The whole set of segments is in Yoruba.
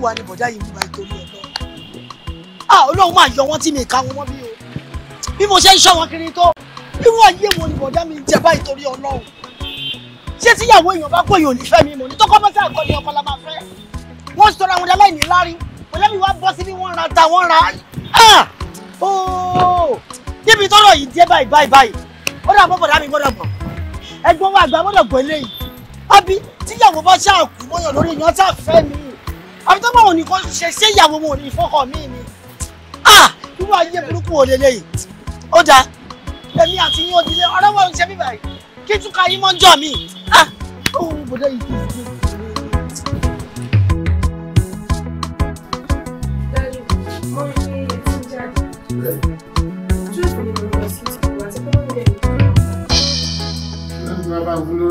wà ní bọ̀dá yìí nígbà ìtòrí ẹ̀ lọ. à ah, ọlọ́run máa yọ wọ́n tí mi ká wọn mọ́ bí o bí mo ṣe ń ṣọ́ wọn kiri tó bí wọ́n ayé wo ni bọ̀dá mi jẹ báyìí torí ọlọ́run. ṣé tíyàwó èèyàn bá kó èèyàn nífẹ̀ẹ́ mi mọ̀ ní tọ́kọ́ mọ́tà àkọ́ ni ọkọ la máa fẹ́. wọ́n sọra wọn dáláì ní lárí bọ̀dá mi wá bọ́ sí bí wọ́n ra ta wọ́n ra. Ah! níbi tọ́rọ̀ yìí dé báyìí báyìí báyìí ó dàgbọ́ bọ̀dá mi gbọ́dọ̀ gbọ̀ ẹgbọ́n wa àgbà gbọ́dọ̀ gbọ́ eléyìí àbí tíyàwó bá ṣáà kú mọ́yàn lórí èèyàn tá a fẹ́ mi wọn ò ní kọ́ ṣe ṣé ìyàwó wọn ò ní fọ́kọ̀ mí ni ah! irú ayé burúkú ò lélẹ̀ yìí ó dáa èmi àti yín òdìlé ọ̀rọ̀ wọn ń ṣe mí báyìí kí túká yín mọ́ ń jọ mí òun bòdó yìí kì í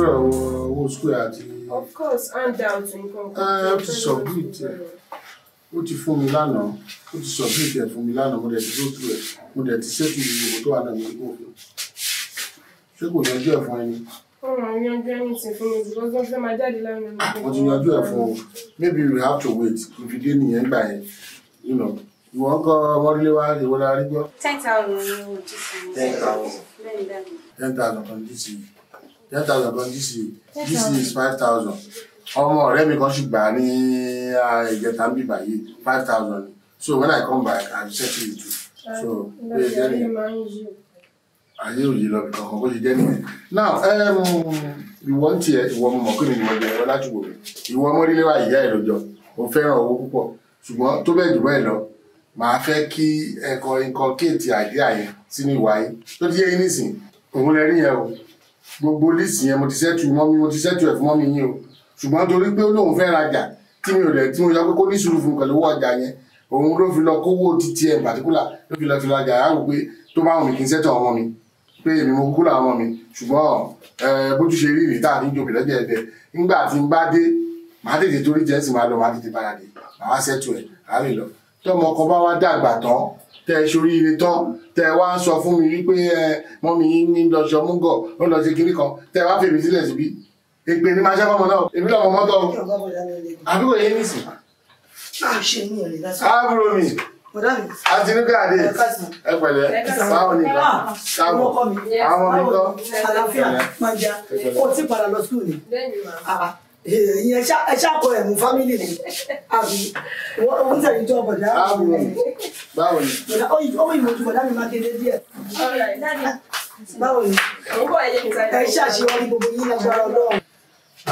owó sukùl àti of course down to nǹkan kan. Ah, ó ti submit ẹ ó ti fún mi lánàá ó ti submit ẹ fún mi lánàá mo dẹ̀ ti go through ẹ mo dẹ̀ ti ṣètò ìdìbò tó wà náà mi kò fún ṣé kò yanjú ẹ fún ẹni. ọ̀rọ̀ yanjú ẹni ti fún mi ṣùgbọ́n ah, yanjú ẹ fún o maybe we have to wait ìfìdí nìyẹn gbà yẹn ìwọ ń kọ ọmọdé wa ìwọ la rí gbọ́. ten thousand ni o jí mi. ten thousand. ten thousand kan jí mi ten thousand kan this year this is five thousand ọmọ ọ̀rẹ́ mi kan sì gbà ní ìjẹta ń bìbà yìí five thousand so when i come back i settle it too so pé jẹ́ni ayé òye lọ bìkan kan bó ṣe jẹ́ nìyẹn now um, ìwọ ń tiẹ̀ ìwọ ọmọ mọ̀ kí ni ìwọ jẹ́ ìwọ látùwò mi ìwọ ọmọ rí léwà ìyá ẹ̀ lọ́jọ́ mo fẹ́ràn owó púpọ̀ ṣùgbọ́n tó bẹ́ẹ̀ jù bẹ́ẹ̀ lọ màá fẹ́ kí ẹ̀kọ́ inculcate àìdíà yẹn sínú ìwà yìí tó ti yẹ yín nísìnyí òun lẹ rí yẹn o gbogbo lísì yẹn mo ti sẹ́tù mọ́mí mo ti sẹ́tù ẹ̀ fún mọ́mí yín o ṣùgbọ́n torí pé ó lóun fẹ́ rajà tí mi ò lẹ̀ tí mo yọ pé kó ní sùúrù fún pẹ̀lú owó ọjà yẹn òun ló fi lọ kówó títí ẹ̀ pàtíkùlà ló fi lọ fi rajà á rò pé tó bá wọn mi kì í sẹ́tọ̀ ọmọ mi pé èmi mo kúkú làwọn ọmọ mi ṣùgbọ́n bójú ṣe rí ìrìtà ní ìjòkè lọ́jọ́ ẹ̀dẹ̀ nígbà tí n bá dé màá tètè torí jẹ́sìn máa lọ màá tètè bára dé màá sẹ́tù ẹ̀ àárẹ̀ lọ tọ́mọ ọkọ bá wá dàgbà tán tẹ ẹ ṣoríire tán tẹ ẹ wá ń sọ fún mi wípé ẹ mọ mi yín ní lọ ṣọmú gọ ó lọ ṣe kinní kan tẹ ẹ wá fèmí sílẹ̀ síbí èpè ní máa ṣe fọmọ náà èmi lọmọ mọtọ àbúrò yẹn ní ìsìn. àbúrò mi àti nígbà àdé ẹ pẹ̀lẹ́ báwo ni ìgbà káàbọ̀ àwọn ọmọ mi kọ. àlàáfíà máa ja kó o ti padà lọ sùkúlù ni ìyẹn eh, ẹ ṣàkọ ẹ̀mú fámìlì ni àbí wọ́n tẹ̀lé tó ọ̀bọ̀dá. báwo ni báwo ni. ọwọ́ ìmọ̀jú bọ̀dá mi máa kéde díẹ̀. báwo ni ẹ ṣàṣeyọrí gbogbo yín lágbára ọlọ́run.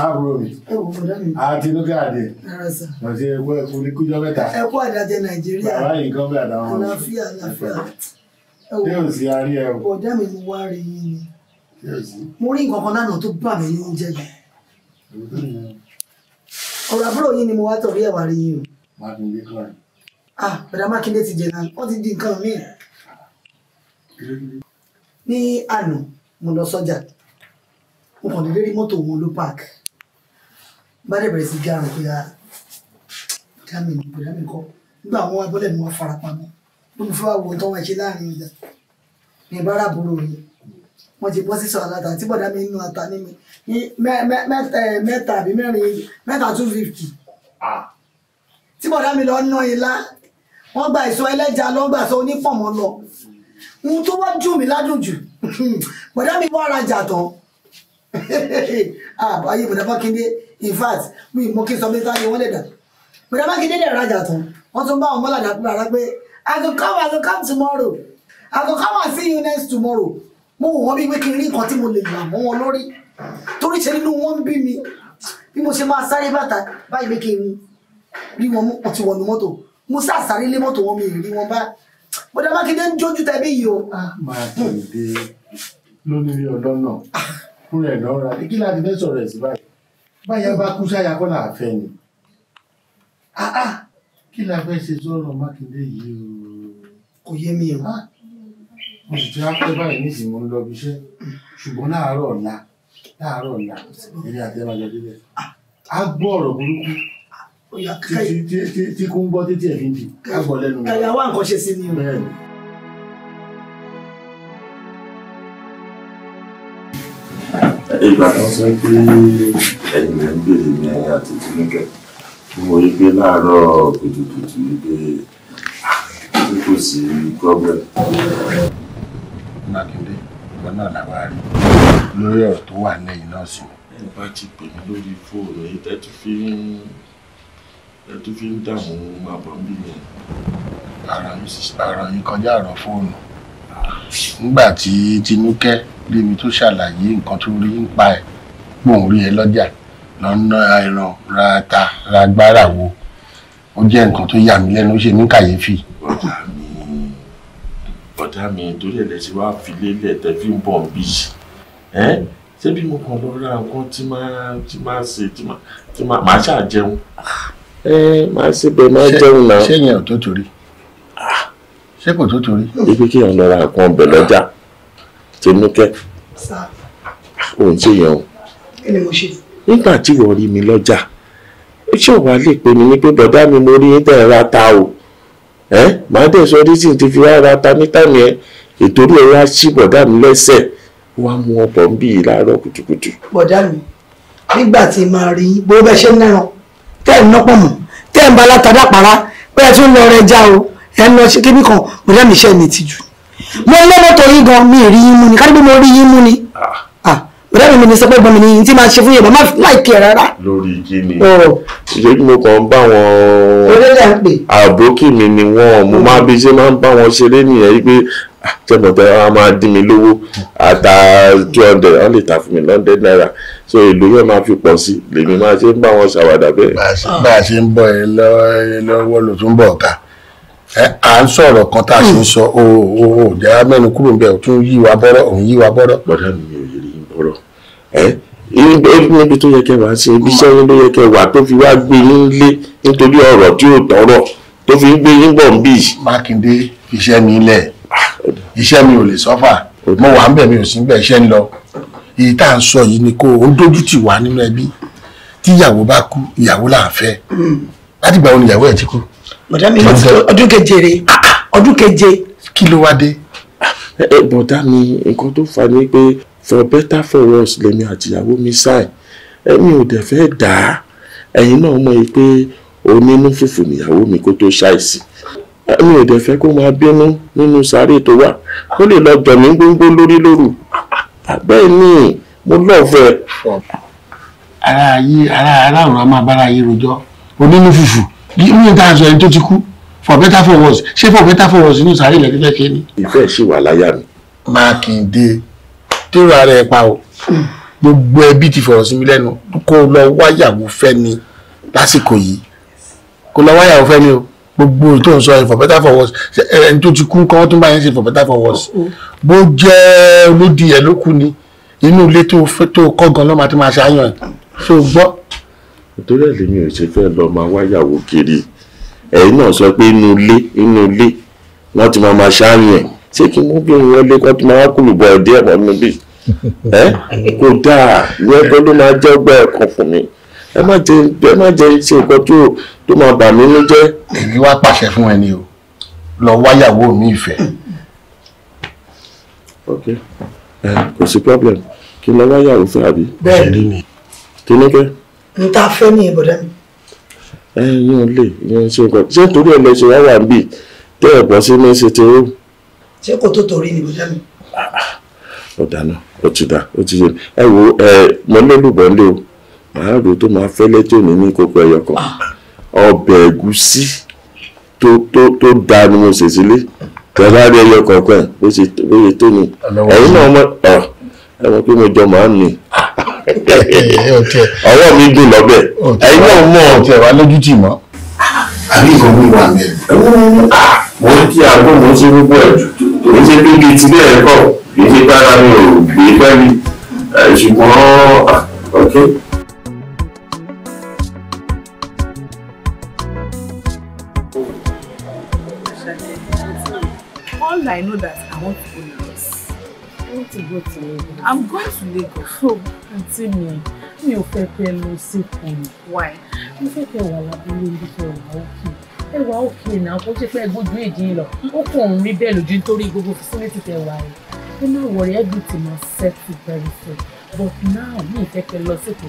Àbúrò mi, àti inú káàdì, àti ẹ̀kọ́ ẹ̀kọ́ ní kújọ́ mẹ́ta. Ẹ̀kọ́ àdájẹ Nàìjíríà. Bàbá yìí kan bẹ̀ àdáwọn. Àlàáfíà àlàáfíà. Ṣé o sì arí ẹ o? Ọ̀dà mi mo wá rí yín ni. Mo rí nǹkan kan lánàá tó bà mí ní oúnjẹ yẹn ọ̀rọ̀ àbúrò yìí ni mo wá torí ẹ̀ wá rí yìí o. mákindé kọ́ ẹ̀. ah bàdá mákindé ti jẹ náà wọ́n ti di nǹkan míì. ní àná mo lọ sọ́jà mo kàn dédé rí mọ́tò wọn ló park bá dẹ̀ bẹ̀rẹ̀ sí gárùn pé bàdá ah, mi bàdá mi kọ́ nígbà wọn abọ́lẹ̀ ni wọ́n fara pamọ́ bí mo fẹ́ wá wo tọ́wọ́ ẹ̀ ṣe láàrin ìjà ní ìbára àbúrò yìí wọ́n ti bọ́ sí sọ aláta tí bọ̀dá mi nu ata ní mi ní mẹ́ta àbí mẹ́rin mẹ́ta two fifty tí bọ̀dá mi lọ ná ilá wọ́n gba ìsọ ẹlẹ́ja lọ gbà sọ onífọ̀mọ́ lọ ohun tó wá jù mí ládùn jù bọ̀dá mi wá rajà tán ah, ayé bọ̀dá mákindé in fact mi ì mọ kí n sọ mi táyé wọ́n lè dà bọ̀dá mákindé dẹ̀ rajà tán wọ́n tún bá àwọn mọ́làdà pé I go come I go come tomorrow I go come and see you next tomorrow mo wò wọ́n bí pé kí n rí nǹkan tí mo lè là mọ́ wọn lórí torí ṣe nínú wọn ń bí mi bí mo ṣe máa sáré bàtà báyìí pé kí n rí wọn mú ọtí wọnú mọ́tò mo sá sáré lé mọ́tò wọn mi rí wọn bá bọ́dá mákindé ń jójú tẹ̀bí yìí o. máa tẹ̀lé lórí ọ̀dọ́ náà fún rẹ̀ náà ra kí láti fẹ́ sọ̀rọ̀ ẹ̀sìn báyìí báyà bá kú sáyà kọ́ là á fẹ́ ni ah, ah. kí la fẹ́ ṣe sọ̀rọ̀ mákindé yìí o. kò yé mi o. Ah mo sì ti ráńpẹ́ báyìí nísìnyí mo ń lọ ibiṣẹ́ ṣùgbọ́n láàárọ̀ ọ̀la láàárọ̀ ọ̀la èmi àti ẹ̀ma jọ débẹ̀ á gbọ́ ọ̀rọ̀ burúkú tí kò ń gbọ́ títí ẹ̀ fi ń di á gbọ́ lẹ́nu mi. kàyà wá nǹkan ṣe sí ni o. bẹ́ẹ̀ni. ìgbà kan sọ pé ẹ̀yìn rẹ̀ ń bèrè ní ẹ̀yà tuntun níkẹ́ mo rí pé láàárọ̀ kùtùkùtù wípé ah, kò sí problem mákindé ìwọ náà làwa rí lórí ọ̀rọ̀ tó wà lẹ́yìn náà sí. ẹ bá ti pè mí lórí fóònù yìí ẹ ti fi ń ẹ tó fi ń dààmú máa bọ̀ níbí yẹn. àrùn yìí kọjá àrùn fóònù nígbà tí tinúkẹ́ lémi tó ṣàlàyé nǹkan tó rí nípa ẹ̀ gbòǹ rí ẹ lọ́jà lọ ná ẹran ra ata ra gbára wo ó jẹ́ nǹkan tó yà mí lẹ́nu ó ṣe mí kàyéfì ọ̀dà mi torí ẹ̀lẹ́ ti wá fi lélẹ̀ tẹ́ fi ń bọ̀ ń bí ẹ́ ṣé bí mo kàn lọ ra nǹkan tí máa tí máa ṣe tí máa tí máa máa ṣáà jẹun. ẹ máa ṣe bẹ́ẹ̀ máa jẹun náà. ṣé yẹn ò tó torí ṣé kò tó torí. ibi kí èèyàn lọ ra nǹkan ọbẹ̀ lọ́jà tẹnukẹ́ òun ṣe yẹn o. kí ni mo ṣe. nígbà tí wọ́n rí mi lọ́jà ṣé òun wá lè pè mí ní pé bọ̀dá mi mo rí yín tẹ̀ ra ta o ẹ màá dẹ̀ sọ dísìn ti fi ara ta ní tàmí ẹ ìtorí ẹ wá sí bọ̀dá mi lẹ́sẹ̀ wá mú ọkọ̀ ń bí láàárọ̀ kùtùkùtù. bọ̀dá mi nígbà tí màá rí bó bẹ́ ṣe ń náà tẹ́ ẹ̀ ń nọ́pọ̀ mọ́ tẹ́ ẹ̀ ń balá tadá para pé ẹ tún lọ rẹ já o ẹ ń lọ ṣe kébì kan bọ̀dá mi ṣe é ní ìtìjú mo lọ́mọ́tò yín gan mi ì rí yín mú ni kárí pé mo rí yín mú ni. Ah ọ̀rẹ́ mi ni sọ pé gbọ́n mi ni tí máa ṣe fún yorùbá láìkí ẹ̀ rárá. lórí igi ni oh. ṣé mo kàn ń bá wọn. orílẹ̀ à ń pè. àbókì mi ni wọn mo hmm. máa bí ṣe máa ń bá wọn ṣeré nìyẹn wípé tẹmọtẹ ah, a máa dín mi lówó àtà two hundred wọn lè ta fún mi lọ́ndẹ̀ náírà so èlò yẹn máa fi pọ̀ sí lèmi máa ṣe ń bá wọn ṣàwádà bẹ́ẹ̀. bá a ṣe ń bọ̀ ẹ lọ́wọ́ ló tún bọ̀ ká à ń sọ̀rọ̀ kan tá a ṣe ń sọ hmm. o ò jẹ́ mẹ́nu kúrò ń bẹ̀ ò tún yí wa bọ́rọ̀ òun yí wa bọ́rọ̀. bọ́dà mi ò yẹ ní bọ́rọ̀ níbi tó yẹ kẹ́ wá sí ibi iṣẹ́ yín ló yẹ kẹ́ wá tó fi wá gbé yín lé nítorí ọ̀rọ̀ tí ò tọrọ tó fi ń gbé yín bọ̀ ń bì. mákindé iṣẹ́ mi lẹ̀ iṣẹ́ mi ò lè sọ́fà mo wà ń bẹ̀ mi ò sí ń bẹ̀ iṣẹ́ ń lọ èyí tá à ń sọ yìí ni kó o dójú tì wá nínú ẹbí tíyàwó bá kú ìyàwó là ń fẹ́ láti gbà wọn ìyàwó ẹ̀ ti kú. bọ̀dá mi ọdún keje re ah, ah. ọdún keje. kí ló wá dé. bọ̀dá mi nǹkan tó fà ní pé for better for worse lèmi àtìyàwó mi sign èmi ò dẹ̀ fẹ́ dà á ẹ̀yin náà mọ̀ pé onínú fùfù nìyàwó mi kó tó ṣàìsí èmi ò dẹ̀ fẹ́ kó máa bínú nínú sáré tó wà ó lè lọ gbẹ̀mí gbóngbó lórí lóru bẹ́ẹ̀ ni mo lọ́ọ̀fẹ́. ara yí ara ara ọ̀rọ̀ máa bára yí rojọ́ onínú fùfù ní ìta àṣọ ẹni tó ti kú for better for worse ṣé for better for worse inú sáré ilẹ̀ kíkẹ́kẹ́ ni. ìfẹ́ ṣì wà láyà mi. mákindé rírọ ara ẹ pa o gbogbo ẹbí ti fọ̀rọ̀ sí mi lẹ́nu kó lọ wáyàwó fẹ́ ni lásìkò yìí kó lọ wáyàwó fẹ́ ni o gbogbo ètò ń sọ ẹ for better for worse ẹni tó ti kú kọ́ wọ́n bá yẹn ṣe for better for worse oh, oh. bó jẹ́ olódì ẹ̀ ló kú ni inú ilé tó kọ́ gan lọ́mọ àti máa ṣe àyàn ẹ̀ ṣó o gbọ́. nítorí ẹ̀ lèmi ò ṣe fẹ́ lọ máa wáyàwó kiri ẹ̀yin náà sọ pé inú ilé inú ilé wọ́n ti máa máa ṣe àyàn ẹ̀ ṣé kí n mú bí òun wọlé kó tó máa wá kúlù bọ̀ ẹ̀ díẹ̀ pọ̀ nínú ẹ kò dáa ìyẹn gan ló máa jẹ́ ọgbà ẹ̀kan fún mi ẹ má jẹ ẹ má jẹ ṣe nǹkan tó tó máa bà mí nínú jẹ́. èmi wá pàṣẹ fún ẹni o lọ wáyàwó mi ìfẹ́. ok ẹ kò sí problem kí n lọ wáyàwó fún àbí. bẹ́ẹ̀ni ni kí ni kẹ. n ta fẹ́ ní ìbọ̀dá mi. ẹ yín lè yín ṣe nǹkan ṣé nítorí ẹ lọ ṣe wá wà ń tẹ ẹ bọ sí ní ṣe ti rú. ṣé kò tó torí ni ìbọ̀dá mi. Ah, ah ọ̀dà náà ó ti dá ó ti ẹ wo ẹ mọ́lẹ́lùbọ̀ ń lé o màá rò tó máa fẹ́lẹ́ tí ò ní ní kókó ẹyọ kan ọbẹ̀ ẹ̀gúsí tó tó tó da ni mo ṣèṣì lé tẹ̀lá rí ẹyọ kọ̀ọ̀kan bó ṣe bó ṣe tó ni ẹ̀yin náà mọ̀ ẹ̀ ẹ mọ̀ pé mo jọ màá nì ọwọ́ mi dùn lọ́bẹ̀ ẹ̀yin náà mọ̀ ọ̀tí ẹ̀wà lójú tì mọ́. àbí nǹkan mi wà mẹ́rin. mo kí àgbo mo ń gbogbo ẹ̀ kò ń ṣe bí gẹ̀ẹ́tì bẹ́ẹ̀ kọ́ kì í ṣe ò gbé fẹ́ ṣùgbọ́n ọ̀kẹ́. All I know that I want to go Lagos. I want to go to Lagos. I'm going to Lagos. So, auntie mi, mi ò fẹ́ fẹ́ lọ síkùn. Why? Mo fẹ́ fẹ́ wà lábúlé ibi tó wà òkè. Ẹ wà òkè náà kó ṣe pé gbójú èjì lọ. Ó kàn ń rí bẹ́ẹ̀ lójú nítorí gbogbo físílẹ̀ ti tẹ̀ wá rẹ̀ pé no worry everything must settle very soon but now mi ìfẹ́ kẹ lọ sípò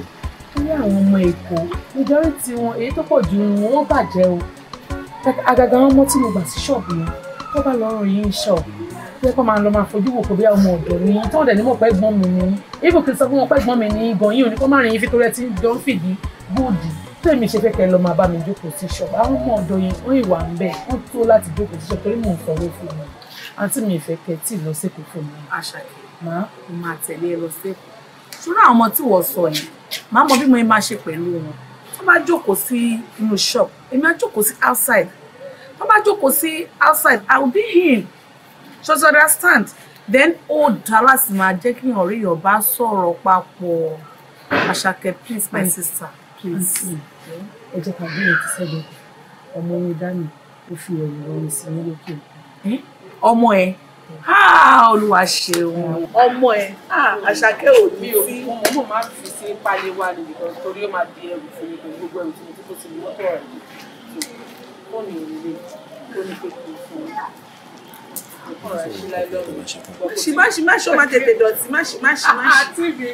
ní àwọn ọmọ èkó majority wọn èyí tó pọ̀ jù wọn wọ́n bàjẹ́ o àgàgà àwọn ọmọ tí mo gbà sí ṣọ́ọ̀bù yẹn tó bá lọ́ọ́ rìn yín ṣọ́ọ̀bù pé kọ́ máa lọ máa fojú wò kó bí ọmọ ọ̀dọ̀ ni tó dẹ̀ ní mọ̀ pẹ́ gbọ́n mi ni even kì í sọ fún wọn pẹ́ gbọ́n mi ni gan yín ò ní kó má rìn yín fítorí ẹ ti ń jọ ń fìdí gbòdì tó èmi ṣe fẹ́ lọ máa bá mi jókòó sí ṣọ́ọ̀bù àwọn ọmọ ọ̀dọ̀ yẹn ó ìwà ń bẹ̀ wọ́n tó láti jókòó sí ṣọ́ọ̀bù torí mò ń sọ̀rọ̀ fún wọn àǹtí mi ìfẹ́ kẹ́ tí lọ sẹ́kọ̀ọ́ fún mi. àṣàkẹ́ màá mo máa tẹ̀lé ẹ lọ sẹ́kọ̀ọ́ ṣùgbọ́n àwọn ọmọ tí wọ́n sọ yìí màá mọ bí mo máa ṣe pẹ̀lú wọn tó bá jókòó sí inú shop èmi á jókòó sí outside tó bá jókòó sí outside i will be in so you understand then ó dáa láti máa jẹ́ kí èèyàn rí èèyàn bá sọ̀rọ̀ papọ̀ àṣàkẹ́ please my sister please. ẹ jẹ́ ká bí èyí ti sẹ́gun ọmọ orin dání ó fi ẹ̀yìn orin sí ní lókè ọmọ ẹ olúwa ṣeun ọmọ ẹ àṣàkẹ́ ò ní sí ọmọ máa fi sí pálí wa nìyí kan torí ó máa di ẹrù fún mi pẹ̀lú gbogbo ẹrù fún mi tó ti mú mọ́tò ọ̀rẹ́ mi fóònù ìrìlẹ̀ tó ní pé kò fún mi ṣìmáṣì máṣì ó máa tètè dọ̀tí máṣì máṣì máṣì. Ah, ah, àti ibi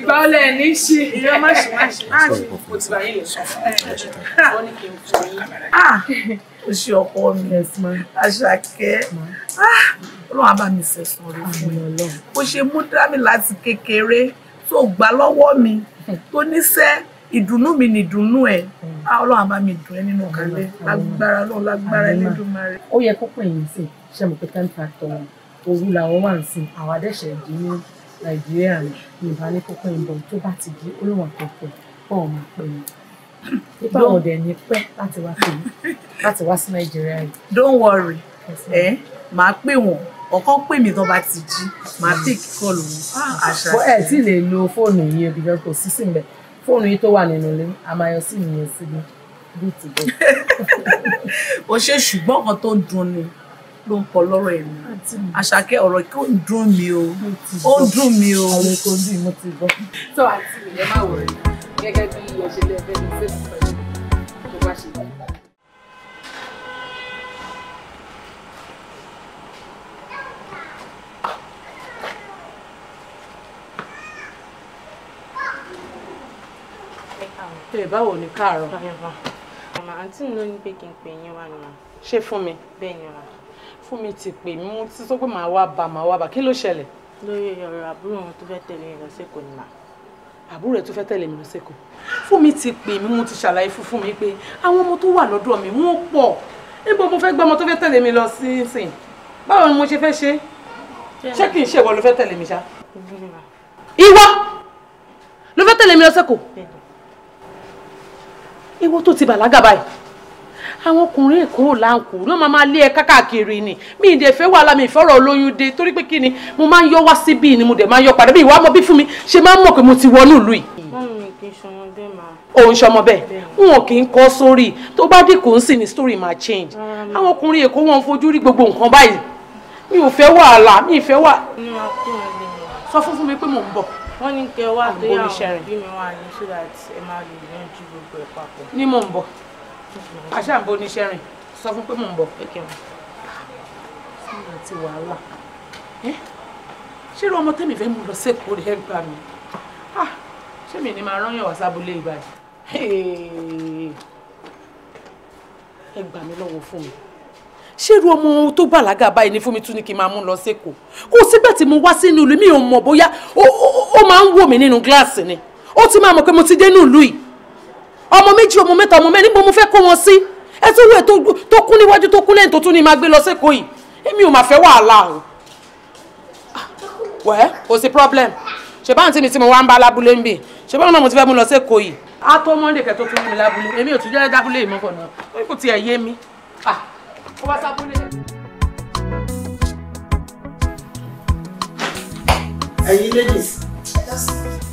ìgbà ọlẹ́ ní ṣe ìyá máṣì máṣì máṣì mo ti bá yín lè sọ fún mi. wọ́n ní kí n fún yín. Ah! o ṣe ọkọ mi àṣàkẹ́ ah! ọlọ́run á bá mi sẹ̀sán rẹ fún ẹ bó ṣe mú dámì láti kékeré tó gbà lọ́wọ́ mi tó níṣẹ́ ìdùnnú mi ni ìdùnnú ẹ mm. ah, ọlọ́run á bá mi dùn ẹ nínú kalẹ̀ lágbára ọlọ́run lágbára Elédùmarè. ó yẹ kó pè yín sí ṣe mọ̀ pé ten factor wọn òru làwọn wà ń sìn àwọn adẹ́sẹ̀ ìdí ní nàìjíríà ní ìbánikókó ìbọn tó bá ti di olóhùn àpẹẹpẹ fún ọmọ àpẹẹyìn. Don't nípa àwọn ọ̀dẹ̀ ní pẹ́ láti wá sí láti wá sí nàìjíríà yìí. don't worry ẹ eh, màá pè wọ́n ọkọ pè mí tó bá ti jí màá pè kíkọ lòun àṣà ṣe. ẹ tí lè lo fóònù yìí ebi jẹ kò sí sí mbẹ fóònù yìí tó wà nínú ilé àmàyọ sí nìyẹn síbi bí ti bẹ. o ṣe ṣùgbọ́n kan tó ń dùn ni ló ń kọ lọ́rọ̀ ẹ̀ mi àṣàkẹ́ ọ̀rọ̀ kí ó ń dùn mí o ó ń dùn mí o. àwọn èkó ń dùn mo ti gbọ́. tó àti ìyẹn máa wọ̀ ẹ́ gẹ́gẹ́ bí ẹ̀ṣẹ̀lẹ̀ ẹ̀fẹ́ ní tó bá ṣe bí. ẹ báwo ni káàárọ̀. màmá àǹtí mi ló ní pé kí n pè yín wá nìyẹn. ṣé fún mi. bẹ́ẹ̀ ni wà. fún mi ti pè mí mo ti sọ pé màá wá bá màá wá bá kí ló ṣẹlẹ̀. lórí ọ̀rọ̀ àbúrò wọn tó fẹ́ tẹ̀lé yẹn lọ sí èkó àbúrò ẹ̀ tó fẹ́ tẹ̀lé mi lọ sẹ́kọ̀ọ́ fún mi ti pè mí mo ti ṣàlàyé fún fún mi pé àwọn ọmọ tó wà lọ́dọ̀ mi wọ́n pọ̀ níbo mo fẹ́ gbọ́ ọmọ tó fẹ́ tẹ̀lé mi lọ sínsìn báwo ni mo ṣe fẹ́ ṣe ṣé kì í ṣe ìwọ ló fẹ́ tẹ̀lé mi ṣá. ìwọ ló fẹ́ tẹ̀lé mi lọ sẹ́kọ̀ọ́ ìwọ tó ti bàlágà báyìí àwọn ọkùnrin èkó láǹkù ní wọn máa lé ẹ kákàkiri ni mi ì dẹ̀ fẹ́ wàhálà mi ìfọ̀rọ̀ olóyún de torí pé kí ni mo máa ń yọ wá síbí ni mo dẹ̀ máa ń yọ padà bí ìwà ọmọ bí fún mi ṣe máa ń mọ̀ pé mo ti wọnú ìlú yìí. mọ́mí kì í ṣọmọ bẹ́ẹ̀ máa. òun ṣọmọ bẹ́ẹ̀ n kì í kọ́ sórí tó bá dìkò ń sìn ní story ma change àwọn ọkùnrin èkó wọn fojú rí gbogbo nǹkan báyìí mi ò fẹ́ wàhálà mi ì fẹ́ wà. sọ fún fún mi pé mò ń bọ̀ wọ́n ní kẹ́ wá tó bí mi wà ní aṣáàbò oníṣẹ́ rìn sọ fún pé mò ń bọ̀. àti wàhálà ṣé irú ọmọ tẹ́mi fẹ́ mú lọ sẹ́kọ̀ọ́ rẹ̀ gbà mí ah, ṣé mi ni máa rányàn wá sábúlé ìbàdàn ẹ gbà mí lọ́wọ́ fún mi ṣé irú ọmọ tó bàlágà báyìí ni fún mi tún ní kí n máa mú lọ sẹ́kọ̀ọ́ kò sígbà tí mo wá sínú ìlú mi ò mọ̀ bóyá ó máa ń wò mí nínú gíláàsì ni ó ti máa mọ̀ pé mo ti dé ní ìlú yìí ọmọ méjì ọmọ mẹ́ta ọmọ mẹ́rin níbo mo fẹ́ kó wọn sí ẹ tún wẹ̀ tó kún níwájú tó kún lẹ́yìn tó tún ní máa gbé lọ sẹ́kọ̀ọ́ yìí èmi ò máa fẹ́ wàhálà o wẹ́ kò sí problem ṣe báwọn tí mi ti mo wá ń bá lábúlé ń bì ṣe báwọn náà mo ti fẹ́ mú lọ sẹ́kọ̀ọ́ yìí á tó monday kẹ́ tó tún mi lábúlé èmi ò tún jẹ́ lábúlé yìí mọ́kàn náà kò tiẹ̀ yé mi ah kó wá sábúlé. ẹ̀yin ladies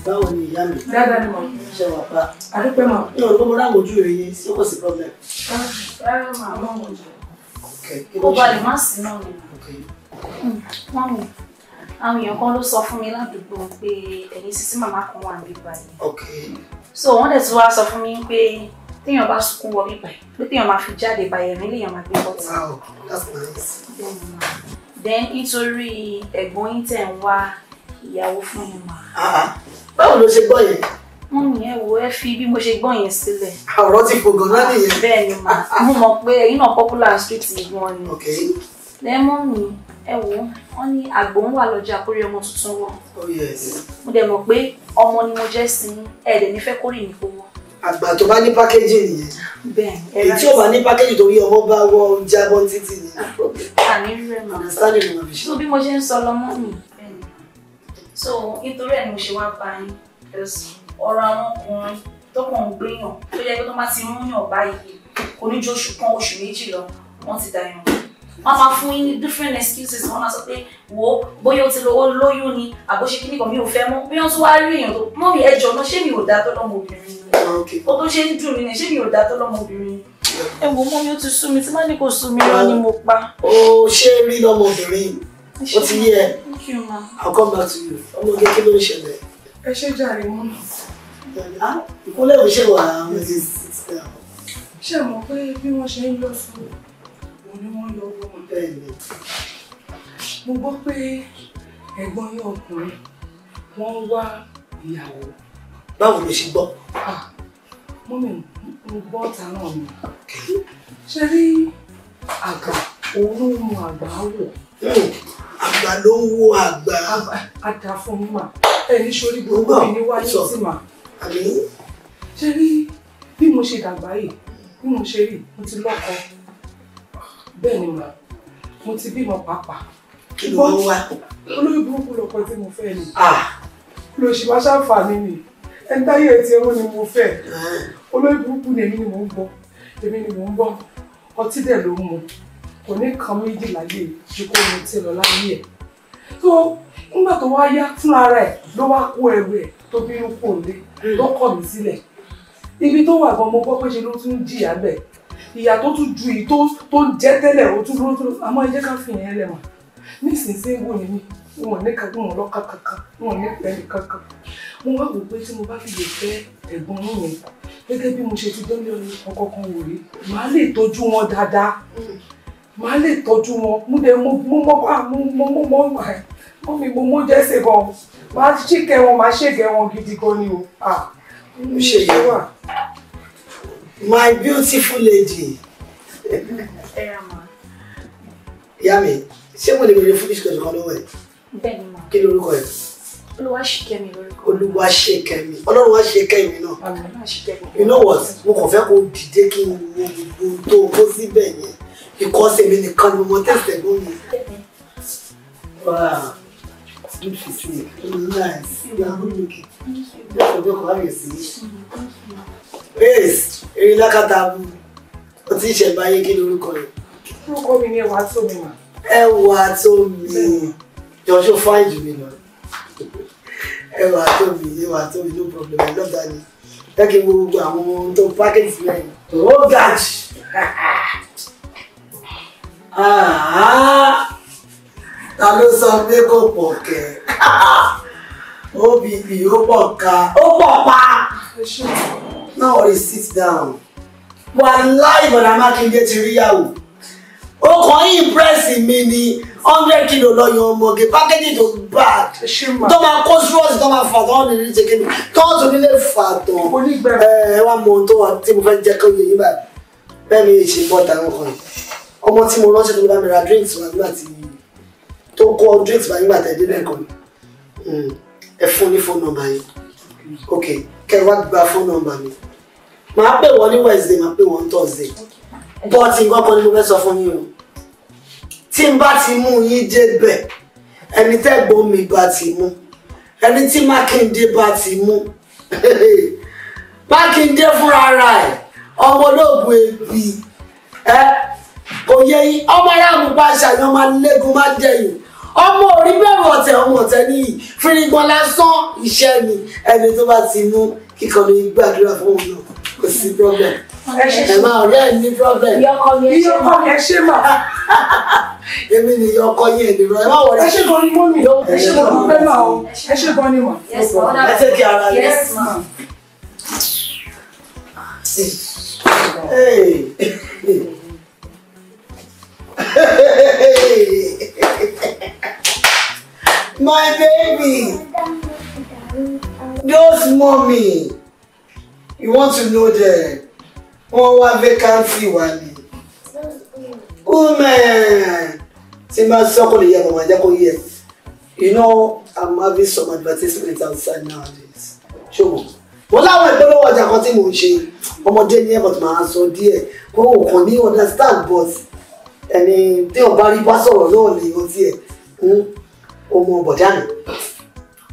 báwo ni ìyá mi. dáadáa ni mo ṣe wà pa. àdúpẹ́ mọ̀. ní o gbogbo ráwọ̀ ojú rẹ̀ yẹn sí kò sí problem. Ah, rárá màá mọ̀ wọ́n jù. kó ba lè má sí náà ni. mọ́mí àwọn èèyàn kan ló sọ fún mi ládùúgbò pé ẹ̀yin sísí màmá kan wà níbí báyìí. so wọ́n dẹ̀ tún wá sọ fún mi pé téèyàn bá sunkún wọ bíbá yìí pé téèyàn máa fi jáde báyìí ẹ̀rín lèèyàn máa gbé bọ́tà. wow that's nice. then nítorí ẹ̀gbọ́n yín tẹ̀ ń wá ìyàwó fún yín mà. Ah, ah. báwo ló ṣe gbọ́ yẹn wọ́n ní ẹ wo ẹ fi bí mo ṣe gbọ́ yẹn sílẹ̀. Ah, ọ̀rọ̀ ti fò gan nìyẹn. bẹ́ẹ̀ ni mà mo mọ̀ pé ẹ̀yin náà popular street ni wọ́n ni. lẹ́mọ̀ mi ẹ wo wọ́n ní àgbò ń wà lọ́jà kórè ọmọ tuntun wọ̀. Oh, mo dẹ̀ mọ̀ pé ọmọ ni mo jẹ́ sí ẹ̀ẹ́dẹ̀ nífẹ̀ẹ́ kórè ní kówó àgbà tó bá ní pákéjì nìyẹn èyí tí ò bá ní pákéjì tó ọmọ bá wọ jábọ́ títì ah, ní understanding ló máa fi ṣe. so bí mo ṣe ń sọ lọmọ mi so nítorí ẹ̀ ni mo ṣe wá bá yín ẹ̀sùn ọ̀rọ̀ àwọn ọkùnrin tó kàn ń gbéyàn tó yẹ pé tó má ti mú yàn báyìí kò ní ju oṣù kan oṣù méjì lọ wọ́n ti dà yàn wọ́n máa fún yín ní different excuses wọ́n máa sọ pé wo bóyá o ti lo lóyún ni àbóṣe kíní kan mi ò fẹ́ mọ́ bí wọ́n tún wá rí èèyàn tó mọ́ mi ẹjọ́ náà ṣé mi ò dá tó obìnrin ni ah, o tó ṣe ń dùn mí ni ṣé mi ò dá tó obìnrin ni. ẹ wo mọ mi ó ti sú mi tí má kò sú mi lọ ni mo pa. Ah, o ṣe rí lọ́mọ obìnrin o ti yé ẹ I'll ọmọ gẹ́gẹ́ ló ń ẹ ṣe jàre mọ́nà. Ah, ìkúnlẹ̀ ò ṣe wà àwọn ẹ̀sìn ìsìnkú àwọn. ṣé ẹ mọ̀ pé bí wọ́n ṣe ń yọ sùn òun ni wọ́n yọ owó wọn. mo gbọ́ pé ẹ̀gbọ́n yín ọkùnrin wọ́n wá ìyàwó. báwo ló ṣe gbọ́. Ah, mọ́mí mo gbọ́ tààrà mi ṣe rí àgbà òun ló ń mu àgbà wò hmm, àgbà ló ń wo àgbà. àdàfún mà ẹni sórí gbogbo ẹni wáyé sí mà ṣe rí bí mo ṣe dàgbà yìí bí mo ṣe rí mo ti lọ́kọ bẹ́ẹ̀ ni mà mo ti bímọ pàápàá. kí ló ń wá. olóyè burúkú lọkọ tí mo fẹ́ ni. lo ṣì máa ṣàǹfààní ni ẹni táyé ẹtì ni mo fẹ́ olóyè burúkú ni èmi ni mò ń bọ èmi ni mò ń bọ ọtí dẹ̀ ló ń mu kò ní kan méjì láyé ju kó mu tí lọ láyé ẹ̀ tó nígbà tó wá yá fúnra rẹ̀ ló wá kó ẹrù ẹ̀ tó bínú kò lé tó kọ̀ mí sílẹ̀ ibi tó wà gan mo gbọ́ pé ṣe ló tún jìyà bẹ̀ ìyà tó tún ju ìyí tó ń jẹ́ tẹ́lẹ̀ ó tún ló tún àmọ́ ẹ jẹ́ ká fi yẹn lẹ̀ wọ̀n nísinsìnyí wò ní mi wọn ní kankan wọn lọ́ka kankan wọn ní pẹ̀lú kankan mo wá wò pé tí mo bá fi lè fẹ́ ẹ̀gbọ́n mi gẹ́gẹ́ bí mo ṣe ti dán lé ọkọ̀ kan wò rí màá lè tọ́jú wọn dáadáa màá lè tọ́jú wọn mo dẹ̀ mo mọ́ mo mọ́ mo mọ́ mi mo mọ́ jẹ́sẹ̀ gan-an wọ́n á ṣìkẹ́ wọn máa ṣègẹ́ wọn gidi gan ni o olùṣèyí wà. my beautiful lady. ìyá mi ṣé mo lè bèrè fún bísíkọ̀tì kan lọ́wọ́ ẹ̀. bẹ́ẹ̀ni ma. kí lorúkọ ẹ̀. olúwaṣèkẹ́mi lorúkọ. olúwaṣèkẹ́mi ọlọ́run wá ṣe kẹ́mi náà. you know what mo kàn fẹ́ kó dìde kí n wo gbogbo tó kó síbẹ̀ yẹn ìkọ́sẹ̀ mi nìkan ni mo tẹ̀sẹ̀ lónìí. wow. Good for you. Nice. You are good looking. Thank you. a good one, you see. Thank you. Yes, èyí lákàtàbù. O ti ṣẹ̀báyé kí lorúkọ rẹ̀. Orúkọ mi ni Ẹwà Tómi mà. Ẹwà Tómi. Jọ̀ṣọ́ fáìn jù mí lọ. Ẹwà Tómi, Ẹwà Tómi, no problem, I love that name. Thank you gbogbo àwọn ohun tó pákẹ́tì rẹ̀. Ó gàjì. Ah! ta ló sọ pé kò pọ̀ kẹ́ obb ó pọ̀ ká. ó pọ̀ pa. now we sit down. wàláì bọ̀dà mákindé ti ríyàwó ó kàn ń impress mi ní hundred kilo lọ́yọ̀ ọmọge pákéjì tó bad tó máa kó stress tó máa fà tó wọn nílé jẹ kíni tó wọn tún nílé fà tán ẹ wá mọ ohun tó wà tí mo fẹ́ jẹ́ kó yẹ yín báyìí bẹ́ẹ̀ mi ṣe bọ́ta ọkùnrin ọmọ tí mo ránṣẹ́ tó bá mi ra drinks wà nígbà tí mo tó kọ ọdún ìtìbá nígbà tẹ̀lé lẹ́ẹ̀kan hmm. ẹ fún ní fóònù nọ́mbà yín ok kẹ wá gba fóònù nọ́mbà mi màá pè wọ́n ní wednesday màá pè wọ́n thursday bọ́ọ̀tì nǹkan kan ni mo fẹ́ sọ fún yín o tí n bá ti mú yín débẹ̀ ẹni tẹ́gbọ́n mi bá ti mú ẹni tí mákindé bá ti mú mákindé fúnra ra ẹ̀ ọmọ olóògùn èbì ẹ kò yẹ yín ọmọ aráàlú bá ṣàyàn máa lẹ́gùn máa jẹyìn ọmọ orí bẹ̀rù ọ̀tẹ̀ ọmọ ọ̀tẹ̀ nìyí fìrìgbọ̀n lásán iṣẹ́ ni ẹni tó bá ti mú kíkọ́ ló gbàdúrà fún òun náà kò sí problem ẹ máa ọ̀rẹ́ ẹ ní problem iyọkọ yẹn ṣe mà èmi ni iyọkọ yẹn ní rọ ẹ má wọlé. ẹ ṣe gan ni mọ́mì ẹ ṣe gan ni pẹ́lú àwọn ẹ ṣe gan ni mà. ẹ ṣe ara rẹ. Hey. My baby. Those mommy. You want to know the Oh, I vacancy wa ni. Woman. Tí máa sọ kò lè yẹ màmá jẹ́ You know I'm having some advertisements outside nowadays. Show mo láwọn ìpolówó ọjà kan tí mò ń ṣe ọmọdé ní ẹ̀bọ̀n tó máa but my díẹ̀ kó o kàn ní understand but ẹni tí o bá rí bá sọ̀rọ̀ náà lè ọmọ bọ̀dá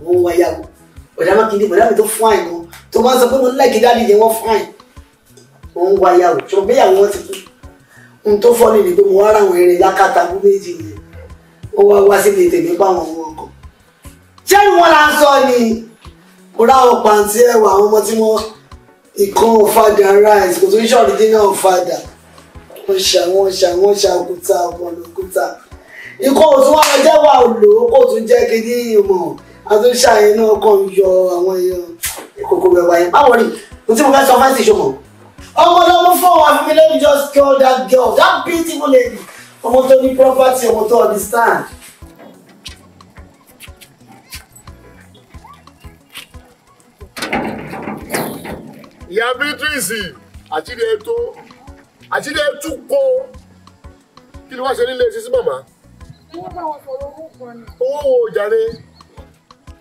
mi wọ́n wá yàgò bọ̀dá mákindé bọ̀dá mi tó fáìn wọn tó bá ń sọ pé mo láìkí dáàdì yẹn wọ́n fáìn wọ́n wá yàgò tó bí àwọn wọn ti kú ohun tó fọ́ nìyí pé mo wá ráwọn eré lákàtà bú méjì yẹn ó wá wá síbi tèmi bá wọn wọn kọ ṣé wọn là ń sọ ni mo ráwọn pàǹtí ẹwà àwọn ọmọ tí wọn ìkan ọ̀fadà rice kò tó ń ṣọ̀rìndínlẹ̀ ọ̀fadà wọ́n ṣà wọ́n ṣà wọ́n ṣà òkúta ọ̀pọ̀lọ̀ òkúta ikọ́ òtún wà lọ wà lò ó kò tún jẹ́ kí ní ìmọ̀ àtúnṣàyẹn náà kàn yọ àwọn èèyàn ìkòkò rẹ̀ wáyé má wọrí mo tí mo fẹ́ sọ fásitì ṣọmọ. ọmọ ọlọ́mọ fún wa fún mi let me just kill that girl that beautiful lady ọmọ tó ní property ọmọ tó understand. ìyá Beatrice àjídé tó àjídé tún kó kí ni wọ́n ṣe nílé ṣíṣí màmá owó wo jàre